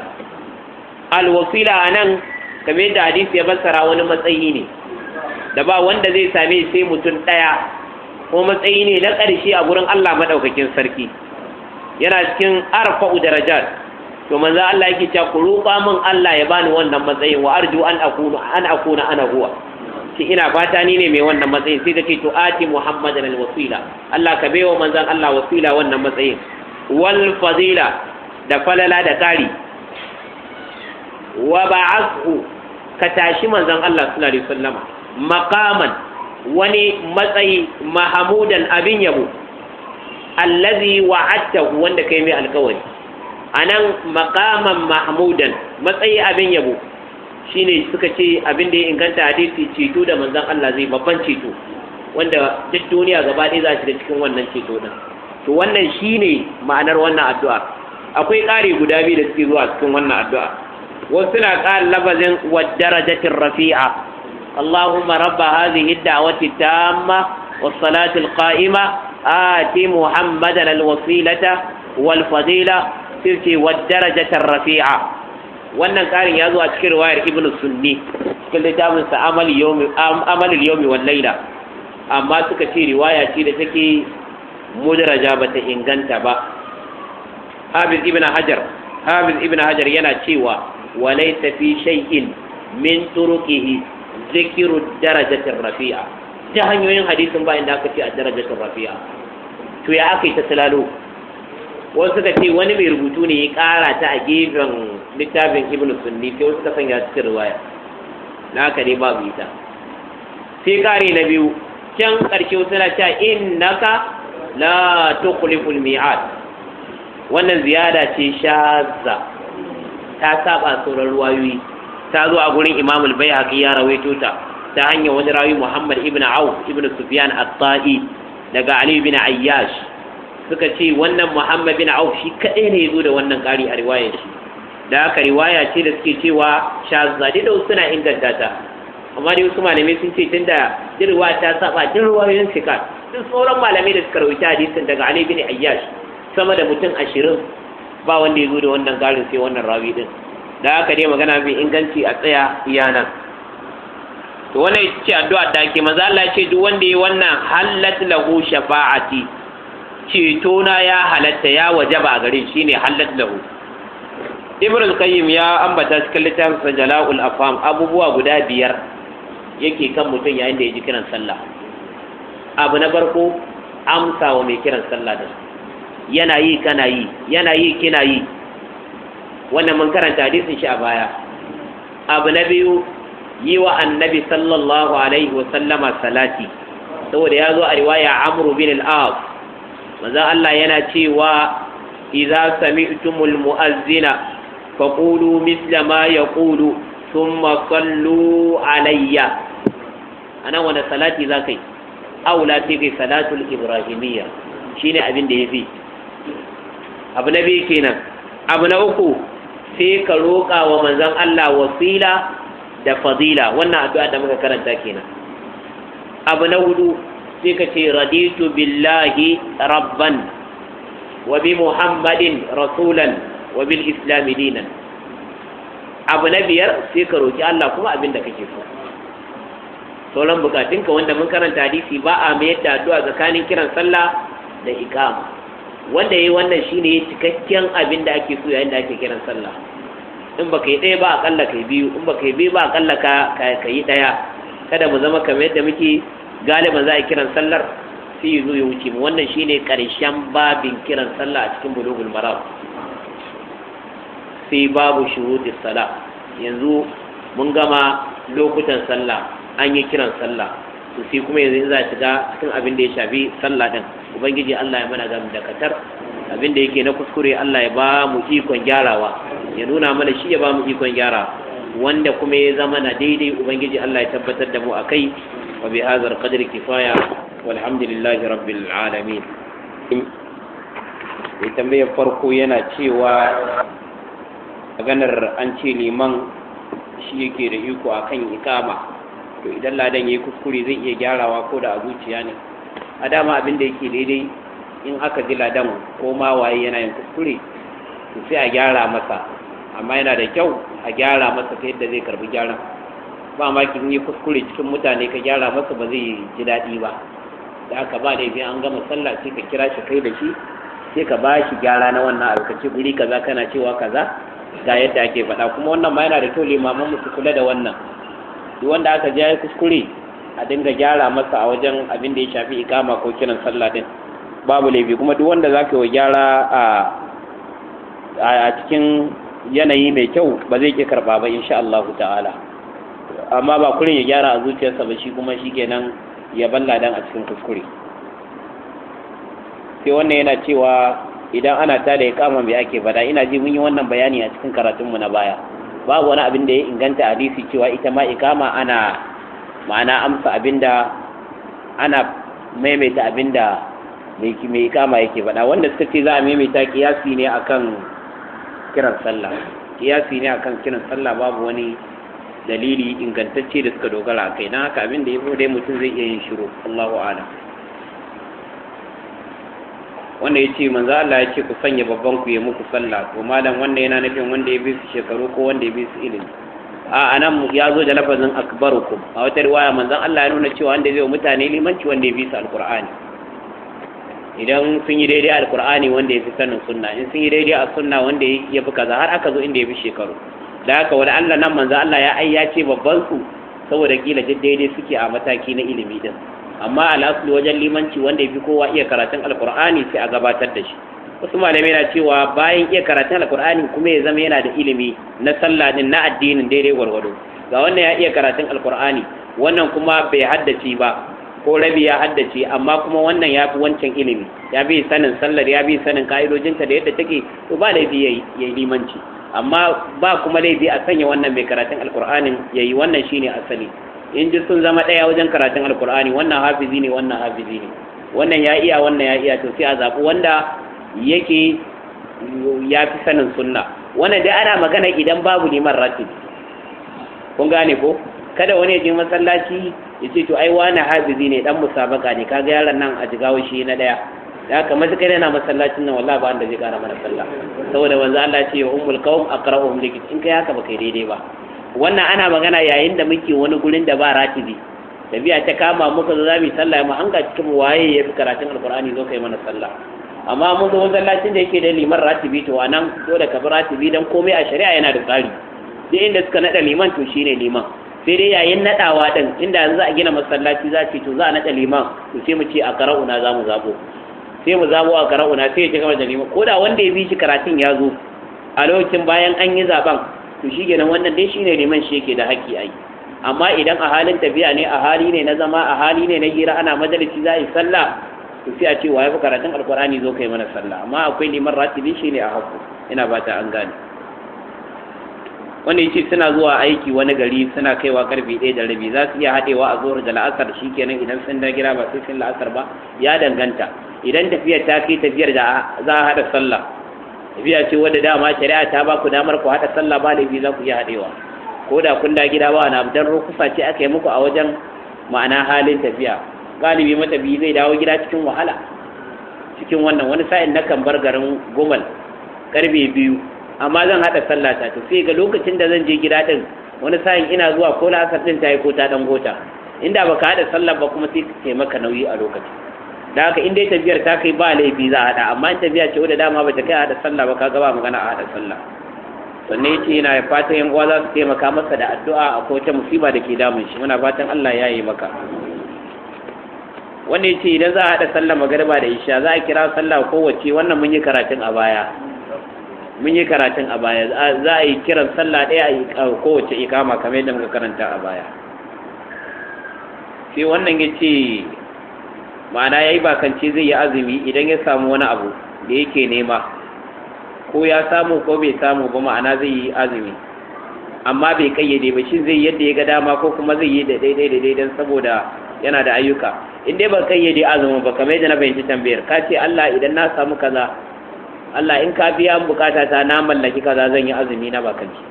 alwasila anan kamar yadda hadisi ya fassara wani matsayi ne da ba wanda zai same sai mutum ɗaya ko matsayi ne na ƙarshe a gurin Allah maɗaukakin sarki yana cikin arfa'u darajat to manzo Allah yake cewa ku roƙa min Allah ya bani wannan matsayin wa arju an akuna an akuna ana huwa shi ina fata ni ne mai wannan matsayin sai kace to ati muhammadan wasila. Allah ka baiwa manzon Allah wasila wannan matsayin wal fadila da falala da kari wa ba'athu ka tashi manzon Allah sallallahu alaihi wasallama maqaman wani matsayi mahamudan abin yabo allazi wa'adta wanda kai mai alkawari anan maqaman mahamudan matsayi abin yabo shine suka ce abin da ya inganta hadisi ceto da manzon Allah zai babban ceto wanda duk duniya gaba ɗaya za shiga cikin wannan ceto din to wannan shine ma'anar wannan addu'a akwai ƙari guda biyu da suke zuwa cikin wannan addu'a wasu na ƙara labazin wa darajatin rafi'a اللهم رب هذه الدعوة التامة والصلاة القائمة آت محمدا الوسيلة والفضيلة sirki wadarajatar rafi'a wannan karin ya zo a cikin riwayar ibnu sunni cikin littafin sa amal yawmi wal layla amma suka ce riwaya ce da take mudraja bata inganta ba hafiz ibn hajar ibn hajar yana cewa wa laysa fi shay'in min turuqihi zikiru darajatin rafi'a ta hanyoyin hadisin ba da aka ce a darajatin rafi'a to ya aka yi ta salalo wasu suka ce wani mai rubutu ne ya kara ta a gefen littafin ibnu sunni sai wasu suka sanya cikin riwaya na haka ne babu ita sai kare na biyu can karshe wasu na cewa innaka la tukhliful mi'ad wannan ziyara ce shazza ta saba sauran ruwayoyi ta zo a gurin Imam bai haƙi ya rawaito ta ta hanyar wani rawi Muhammad ibn awu ibn Sufyan at-Ta'i daga Ali ibn Ayyash suka ce wannan Muhammad bin awu shi kadai ne ya zo da wannan ƙari a riwayar shi da aka riwaya ce da suke cewa shazadi da suna inganta ta amma dai wasu malamai sun ce tunda jirwa ta saba dirwayoyin sikar duk sauran malamai da suka rawaita hadisin daga Ali bin Ayyash sama da mutum ashirin ba wanda ya zo da wannan garin sai wannan rawi din da aka dai magana mai inganci a tsaya iya nan to wannan ce addu'a da ke maza Allah ce duk wanda yi wannan hallat lahu shafa'ati ceto na ya halatta ya wajaba a gare shine hallat lahu Ibrahim qayyim ya ambata cikin littafin sa jala'ul afam abubuwa guda biyar yake kan mutum yayin da ya ji kiran sallah abu na farko amsa wa mai kiran sallah da yana yi kana yi yana yi kina yi wannan mun karanta hadisin shi a baya abu na biyu yi wa annabi sallallahu alaihi wa sallama salati saboda ya zo a riwaya amru bin al-as manzo Allah yana cewa idza sami'tumul mu'azzina faqulu mithla ma yaqulu thumma sallu alayya ana wanda salati zakai aula take salatul ibrahimiyya shine abin da yafi abu na biyu kenan abu na uku sai ka roƙa wa manzan Allah wasila da fadila wannan addu'a da muka karanta kenan abu na hudu sai ka ce raditu billahi rabban wa bi muhammadin rasulan wa bil islami dinan abu na biyar sai ka roƙi Allah kuma abin da kake so sauran bukatunka wanda mun karanta hadisi ba a mayar da addu'a tsakanin kiran sallah da ikama wanda yayi wannan shine cikakken abin da ake so yayin da ake kiran sallah in baka yi ɗaya ba a kalla kai biyu in baka yi biyu ba a kalla ka yi ɗaya kada mu zama kamar yadda muke galiban za a kiran sallar sai yi ya wuce mu wannan shine karshen babin kiran sallah a cikin bulugul maram sai babu shuruti sala yanzu mun gama lokutan sallah an yi kiran sallah to sai kuma yanzu in za shiga cikin abin da ya shafi sallah din ubangiji Allah ya mana gam dakatar abin da yake na kuskure Allah ya ba mu ikon gyarawa ya nuna mana shi ya ba mu ikon gyara wanda kuma ya zama na daidai ubangiji Allah ya tabbatar da mu akai wa bi hadhar qadri kifaya walhamdulillahi rabbil alamin ya tambayar farko yana cewa maganar an ce liman shi yake da iko akan ikama to idan ladan ya yi kuskure zai iya gyarawa ko da a zuciya ne a dama abin da yake daidai in aka ji ladan ko ma waye yana yin kuskure to sai a gyara masa amma yana da kyau a gyara masa ta yadda zai karbi gyaran ba ma kin yi kuskure cikin mutane ka gyara masa ba zai ji daɗi ba da aka ba da an gama sallah sai ka kira shi kai da shi sai ka ba shi gyara na wannan abu ka guri kaza kana cewa kaza ga yadda ake faɗa kuma wannan ma yana da kyau limaman mu kula da wannan duk wanda aka ji kuskure a dinga gyara masa a wajen abin da ya shafi ikama ko kiran sallah din babu laifi kuma duk wanda zaka yi gyara a cikin yanayi mai kyau ba zai ke karba ba insha Allah ta'ala amma ba kurin ya gyara a zuciyarsa ba shi kuma shikenan ya balla dan a cikin kuskure sai wannan yana cewa idan ana tada ikama mai ake bada ina ji mun yi wannan bayani a cikin karatunmu na baya babu wani abin da ya inganta hadisi cewa ita ma ikama ana ma'ana amsa abinda ana maimaita abinda mai ikama yake faɗa wanda suka ce za a maimaita kiyasi ne akan kiran sallah kiyasi ne akan kiran sallah babu wani dalili ingantacce da suka dogara kai na haka abin da ya fi dai mutum zai iya yin shiru Allahu a'lam wanda ya ce manzo Allah ya ce ku sanya babban ku ya muku sallah to malam wanda yana nufin wanda ya bi su shekaru ko wanda ya bi su ilimi a anan ya zo da lafazin akbarukum a wata riwaya manzo Allah ya nuna cewa wanda zai wa mutane limanci wanda ya bi su alqur'ani idan sun yi daidai alqur'ani wanda ya fi sanin sunna in sun yi daidai a sunna wanda ya fi kaza har aka zo inda ya bi shekaru da haka wani Allah nan manzo Allah ya ayyace ya babban su saboda kila daidai suke a mataki na ilimi din amma alasli wajen limanci wanda ya fi kowa iya karatun alkur'ani sai a gabatar da shi wasu malamai na cewa bayan iya karatun alkur'ani kuma ya zama yana da ilimi na sallah din na addinin daidai gwargwado ga wannan ya iya karatun alkur'ani wannan kuma bai haddace ba ko rabi ya haddace amma kuma wannan ya fi wancan ilimi ya bi sanin sallar ya bi sanin ka'idojinta da yadda take to ba laifi ya yi limanci amma ba kuma laifi a sanya wannan mai karatun alkur'anin ya yi wannan shine asali in ji sun zama ɗaya wajen karatun alkur'ani wannan hafizi ne wannan hafizi ne wannan ya iya wannan ya iya to sai a zaɓi wanda yake ya fi sanin sunna wannan dai ana magana idan babu neman ratib kun gane ko kada wani ya je masallaci ya ce to ai wani hafizi ne dan musabaka ne kaga yaron nan a jigawo shi na ɗaya da haka matuƙar yana masallacin nan wallahi ba wanda zai ƙara mana sallah saboda wanzu Allah ce ya ummul qawm aqra'uhum likit in kai haka ba kai daidai ba wannan ana magana yayin da muke wani gurin da ba ratibi tafiya ta kama muka zo zamu sallah mu hanga cikin waye ya fi karatun alqur'ani zo kai mana sallah amma mun zo masallacin da yake da liman ratibi to anan da ka bi ratibi dan komai a shari'a yana da tsari duk inda suka nada liman to shine liman sai dai yayin nadawa din inda yanzu a gina masallaci za ce to za a nada liman to sai mu ce a karauna za mu zabo sai mu zabo a karauna. sai ya ci gaba da liman ko da wanda ya bi shi karatun ya zo a lokacin bayan an yi zaben to shi gina wannan dai ne neman shi yake da haƙƙi yi amma idan a halin tafiya ne a hali ne na zama a hali ne na hira ana majalisi za a yi sallah to sai a ce wa ya fi karatun alkur'ani zo kai mana sallah amma akwai neman ratibi shi ne a haku ina ba ta an gane wanda yace suna zuwa aiki wani gari suna kaiwa karfe ɗaya da rabi za su iya haɗewa a zuwa da la'asar kenan idan sun da gida ba sai sun la'asar ba ya danganta idan tafiyar ta kai tafiyar da za a haɗa sallah tafiya ce wadda dama shari'a ta ba ku damar ku haɗa sallah ba laifi za ku iya haɗewa ko da kun da gida ba na dan rukusa ce aka yi muku a wajen ma'ana halin tafiya galibi matafiyi zai dawo gida cikin wahala cikin wannan wani sa'in na kan bar garin gomal karfe biyu amma zan haɗa sallah ta to sai ga lokacin da zan je gida ɗin wani sa'in ina zuwa ko la'asar ɗin ta yi ko ta ɗan gota inda baka haɗa sallah ba kuma sai ka maka nauyi a lokacin da haka in dai tafiyar ta kai ba laifi za a haɗa amma in tafiya ce da dama ba ta kai a haɗa sallah ba ka gaba magana a haɗa sallah sannan ya ce yana fatan yan uwa za su taimaka masa da addu'a a kowace musiba da ke damun shi muna fatan Allah ya yi maka wanda ya idan za a haɗa sallah magariba da isha za a kira sallah kowace wannan mun yi karatun a baya mun yi karatun a baya za a yi kiran sallah ɗaya a kowace ikama kamar yadda muka karanta a baya sai wannan ya ma'ana ya yi bakance zai yi azumi idan ya samu wani abu da yake nema ko ya samu ko bai samu ba ma'ana zai yi azumi amma bai kayyade ba shi zai yadda ya ga dama ko kuma zai yi da daidai da daidan saboda yana da ayyuka in dai ba kayyade azumin ba kamar yadda na fahimci tambayar ka ce Allah idan na samu kaza Allah in ka biya bukata ta na mallaki kaza zan yi azumi na bakanci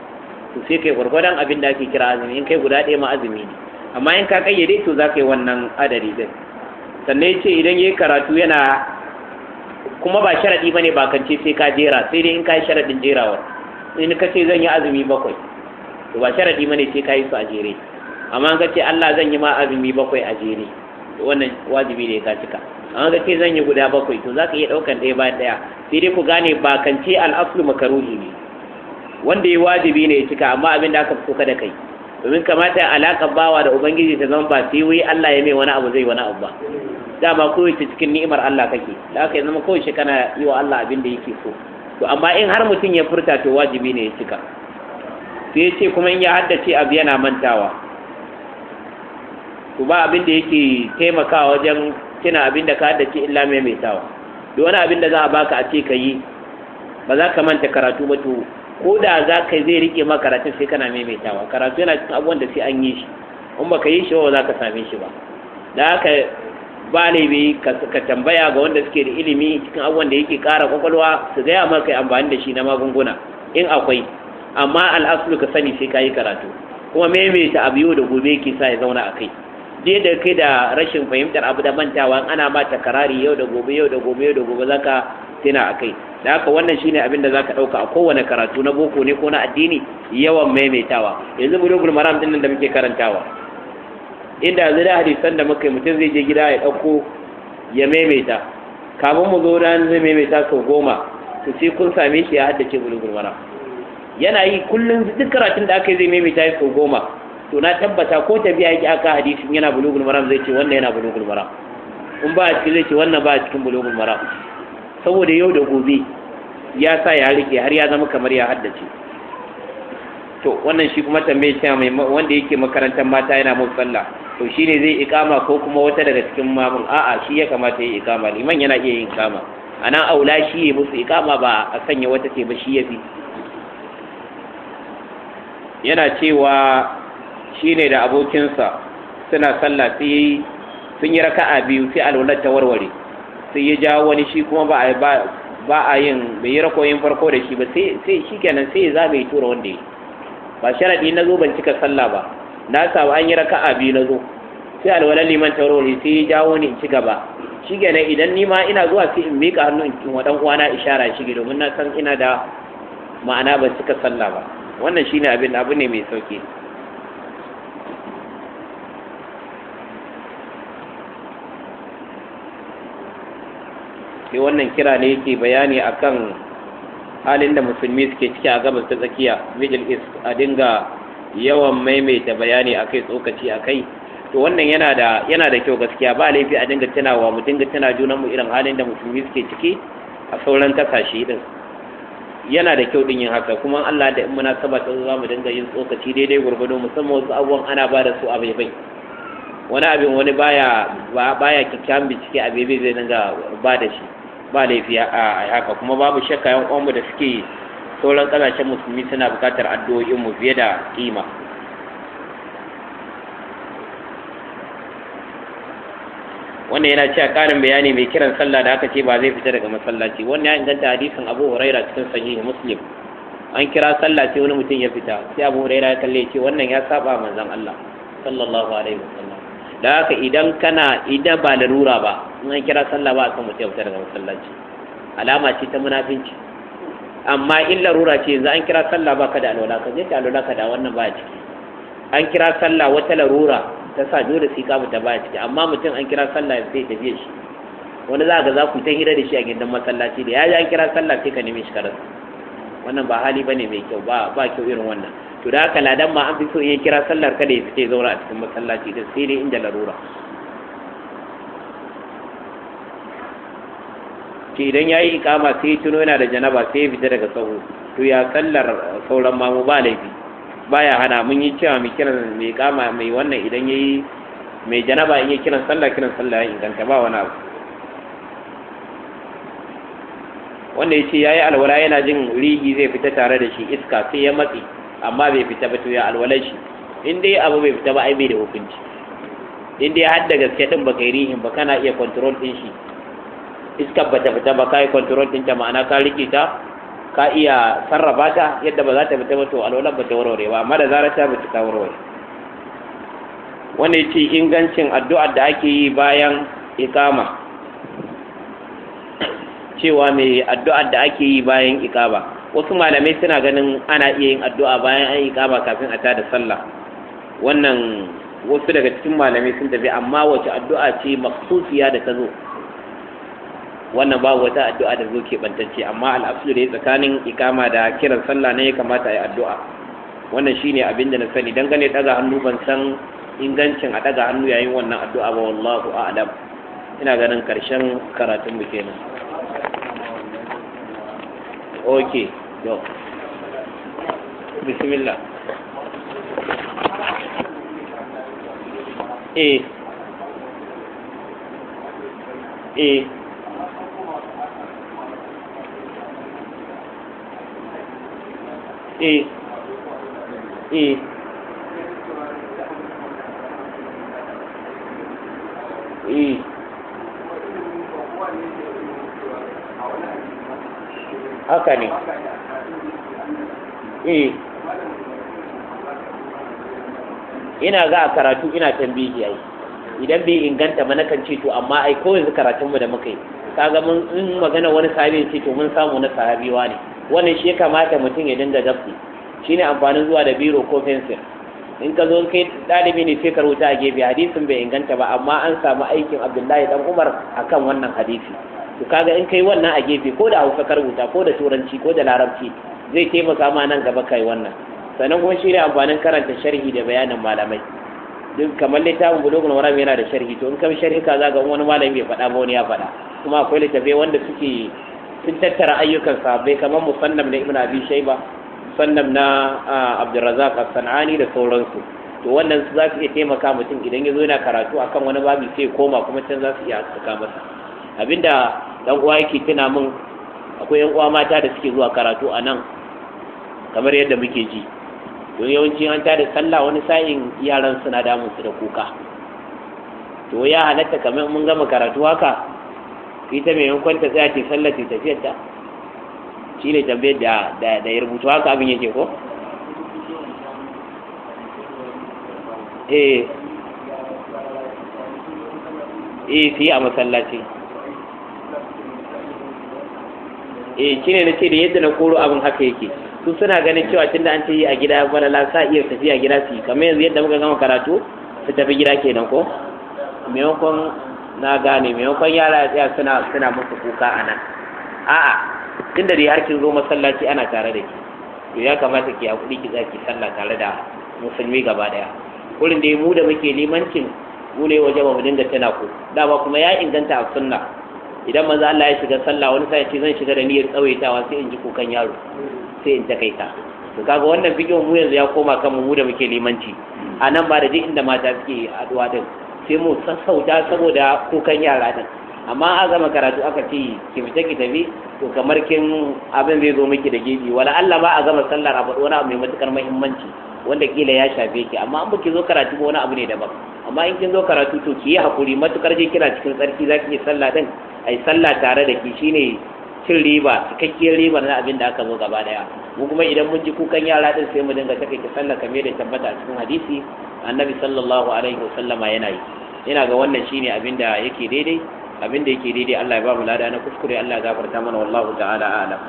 to sai kai gurgurdan abin da ake kira azumi in kai guda ɗaya ma azumi ne amma in ka kayyade to za ka yi wannan adadi din sannan ya ce idan ya karatu yana kuma ba sharaɗi ba ne ba sai ka jera sai dai in ka yi sharaɗin jerawar in ka ce zan yi azumi bakwai to ba sharaɗi ba ne sai ka yi su a jere amma ka ce Allah zan yi ma azumi bakwai a jere wannan wajibi ne ka cika amma ka ce zan yi guda bakwai to za ka iya ɗaukan ɗaya bayan ɗaya sai dai ku gane ba kan al'aslu makaruhi ne wanda ya wajibi ne ya cika amma abin da aka fi kuka kada kai domin kamata ya alaka bawa da ubangiji ta zama ba sai wai Allah ya mai wani abu zai wani abu ba dama kowace cikin ni'imar Allah kake da haka zama kowace kana yi wa Allah abin da yake so to amma in har mutum ya furta to wajibi ne ya cika to ya ce kuma in ya haddace abu yana mantawa to ba abin da yake taimakawa wajen kina abin da ka haddace illa tawa. duk wani abin da za a baka a ce ka yi ba za ka manta karatu ba to ko da za ka zai rike ma karatun sai kana maimaitawa karatu yana cikin abubuwan da sai an yi shi in baka yi shi ba za ka same shi ba da haka ba laifi ka tambaya ga wanda suke da ilimi cikin abubuwan da yake kara kwakwalwa su gaya maka yi amfani da shi na magunguna in akwai amma al'asulu ka sani sai ka yi karatu kuma maimaita abu yau da gobe ke sa ya zauna a kai duk da kai da rashin fahimtar abu da mantawa ana ma karari yau da gobe yau da gobe yau da gobe zaka tuna akai da haka wannan shine abin da za ka ɗauka a kowane karatu na boko ne ko na addini yawan maimaitawa yanzu mu bulugul maram din nan da muke karantawa inda da hadisan da muka yi mutum zai je gida ya dauko ya maimaita kafin mu zo ran zai maimaita sau goma to sai kun same shi ya haddace bulugul maram yana yi kullum duk karatun da aka yi zai maimaita sau goma to na tabbata ko tafiya yake aka hadisi yana bulugul maram zai ce wannan yana bulugul maram in ba a cikin zai ce wannan ba a cikin bulugul maram saboda yau da gobe ya sa ya rike har ya zama kamar ya haddace to wannan shi kuma tambaye ta mai wanda yake makarantar mata yana mu sallah to shine zai ikama ko kuma wata daga cikin mamun a'a shi ya kamata ya ikama liman yana iya yin ikama ana aula shi ya musu ikama ba a sanya wata ce ba shi ya fi yana cewa Shi ne da abokinsa suna sallah sai yi sun yi raka'a biyu sai alwalar ta warware sai ya jawo wani shi kuma ba a ba a yin bai yi rakoyin farko da shi ba sai sai kenan sai ya zabe tura wanda yi ba sharaɗi na zo ban cika sallah ba na samu an yi raka'a biyu na zo sai alwalar liman ta warware sai ya jawo wani in ci gaba kenan idan ni ma ina zuwa sai in miƙa hannu in wa ɗan uwana ishara shi domin na san ina da ma'ana ban cika sallah ba wannan shine abin abu ne mai sauki sai wannan kira ne yake bayani akan halin da musulmi suke ciki a gabas ta tsakiya middle east a dinga yawan maimaita bayani akai tsokaci akai to wannan yana da yana da kyau gaskiya ba laifi a dinga tunawa mu dinga tuna junan mu irin halin da musulmi suke ciki a sauran kasashe din yana da kyau din yin haka kuma Allah da in muna saba ta za mu dinga yin tsokaci daidai gurgudu musamman wasu abubuwan ana ba da su a bai-bai. wani abin wani baya baya kikkiawan bincike a baibai zai dinga ba da shi ba laifi a haka kuma babu shakka yan uwanmu da suke sauran kasashen musulmi suna bukatar addu'o'in mu fiye da kima wannan yana cewa karin bayani mai kiran sallah da aka ce ba zai fita daga masallaci wannan ya inganta hadisin Abu Huraira cikin sahihi Muslim an kira sallah sai wani mutum ya fita sai Abu Huraira ya kalle ya ce wannan ya saba manzon Allah sallallahu alaihi wasallam da haka idan kana idan ba larura ba in an kira sallah ba a san mutum ya fita daga masallaci alama ce ta munafinci amma in larura ce yanzu an kira sallah ba ka da alwala ka je ta alwala ka da wannan ba ciki an kira sallah wata larura ta sa dole sika ka ta ba ciki amma mutum an kira sallah sai ta biye shi wani za ka za ku ta hira da shi a gidan masallaci da ya ji an kira sallah sai ka neme shi ka wannan ba hali ba ne mai kyau ba ba kyau irin wannan to da haka ladan ma an fi so iya kira sallar kada ya fice zauna a cikin masallaci da sai dai inda larura ke idan ya yi ikama sai ya tuno yana da janaba sai ya fita daga sahu to ya sallar sauran mamu ba laifi baya hana mun yi cewa mai kiran mai ikama mai wannan idan ya yi mai janaba in yi kiran sallah kiran sallah ya inganta ba wani abu wanda ya ce ya yi alwala yana jin rigi zai fita tare da shi iska sai ya matsi amma bai fita ba to ya alwalar shi in dai abu bai fita ba ai bai da hukunci in dai har da gaske din baka rihin ba kana iya control din shi Iska ba ta fita ba kai control din ta ma'ana ka rike ta ka iya sarrafa ta yadda ba za ta fita ba to alwalar ba ta warware ba amma da zarar ta fita ta warware wanda ya ce ingancin addu'ar da ake yi bayan ikama cewa mai addu'ar da ake yi bayan ikaba wasu malamai suna ganin ana iya yin addu'a bayan an yi kama kafin a tada sallah wannan wasu daga cikin malamai sun tafi amma wace addu'a ce maksusiya da ta zo wannan babu wata addu'a da zo ke bantacce amma al'asulu da ya tsakanin ikama da kiran sallah na ya kamata a yi addu'a wannan shine abin da na sani dangane daga hannu ban san ingancin a daga hannu yayin wannan addu'a ba wallahu a'lam ina ganin karshen karatun mu kenan okay بسم الله ايه ايه ايه ايه ايه haka Eh. ina ga a karatu ina tambayi yayi idan bai inganta ba nakan ce to amma ai ko yanzu karatun mu da muka yi kaga mun in magana wani sahabi ce to mun samu na sahabiwa ne wannan shi ya kamata mutum ya dinga Shi shine amfanin zuwa da biro ko fensir in ka zo kai ɗalibi ne sai ka rubuta a gefe hadisin bai inganta ba amma an samu aikin abdullahi dan umar akan wannan hadisi to kaga in kai wannan a gefe ko da hausa ka rubuta ko da turanci ko da larabci zai taimaka ma nan gaba kai wannan sannan kuma shi ne amfanin karanta sharhi da bayanin malamai duk kamar littafin bulogun maram yana da sharhi to in ka bi sharhi ka za ga wani malami bai faɗa ba wani ya faɗa kuma akwai littafi wanda suke sun tattara ayyukan sahabbai kamar musannam na ibn abi shayba musannam na abdurrazzaq as-sanani da sauransu to wannan za su iya taimaka mutum idan ya zo yana karatu akan wani babu sai koma kuma can za su iya haskaka masa abinda dan uwa yake tuna min akwai yan uwa mata da suke zuwa karatu a nan kamar yadda muke ji don yawanci an ta da sallah wani sa'in yaran suna damun su da kuka to ya halatta kamar mun gama karatu haka ita mai yankon ta tsaya ce sallah ce tafiyar ta shi ne tambayar da da ya rubutu haka abin yake ko eh eh fi a masallaci eh ne na ce da yadda na koro abin haka yake su suna ganin cewa tunda an ce yi a gida balala sa iya tafiya gida su yi kamar yanzu yadda muka gama karatu su tafi gida kenan ko maimakon na gane maimakon yara ya tsaya suna suna musu kuka a nan a'a da dai har kin zo masallaci ana tare da ki to ya kamata ki hakuri ki zaki sallah tare da musulmi gaba daya Wurin dai mu da muke limancin mu ne waje ba mu dinga tana ku dama kuma ya inganta a sunna idan manzo Allah ya shiga sallah wani sai ce zan shiga da niyyar tsawaitawa sai in ji kukan yaro sai in ka. to kaga wannan bidiyon mu yanzu ya koma kan mu da muke limanci a nan ba da duk inda mata suke haduwa din sai mu sassauta saboda kukan yara din amma a gama karatu aka ce ki fita ki tafi to kamar kin abin zai zo miki da gidi wala Allah ba a gama sallar a wani mai matukar muhimmanci wanda kila ya shafe ki amma an baki zo karatu ba wani abu ne daban amma in kin zo karatu to ki yi hakuri matukar je kina cikin tsarki za ki yi sallah din ai sallah tare da ki shine cin riba cikakkiyar riba na abin da aka zo gaba daya mu kuma idan mun ji kukan yara din sai mu dinga ki sallah kamar da tabbata a cikin hadisi annabi sallallahu alaihi wasallama yana yi ina ga wannan shine abin da yake daidai abin da yake daidai Allah ya ba mu lada na kuskure Allah ya gafarta mana wallahu ta'ala a'lam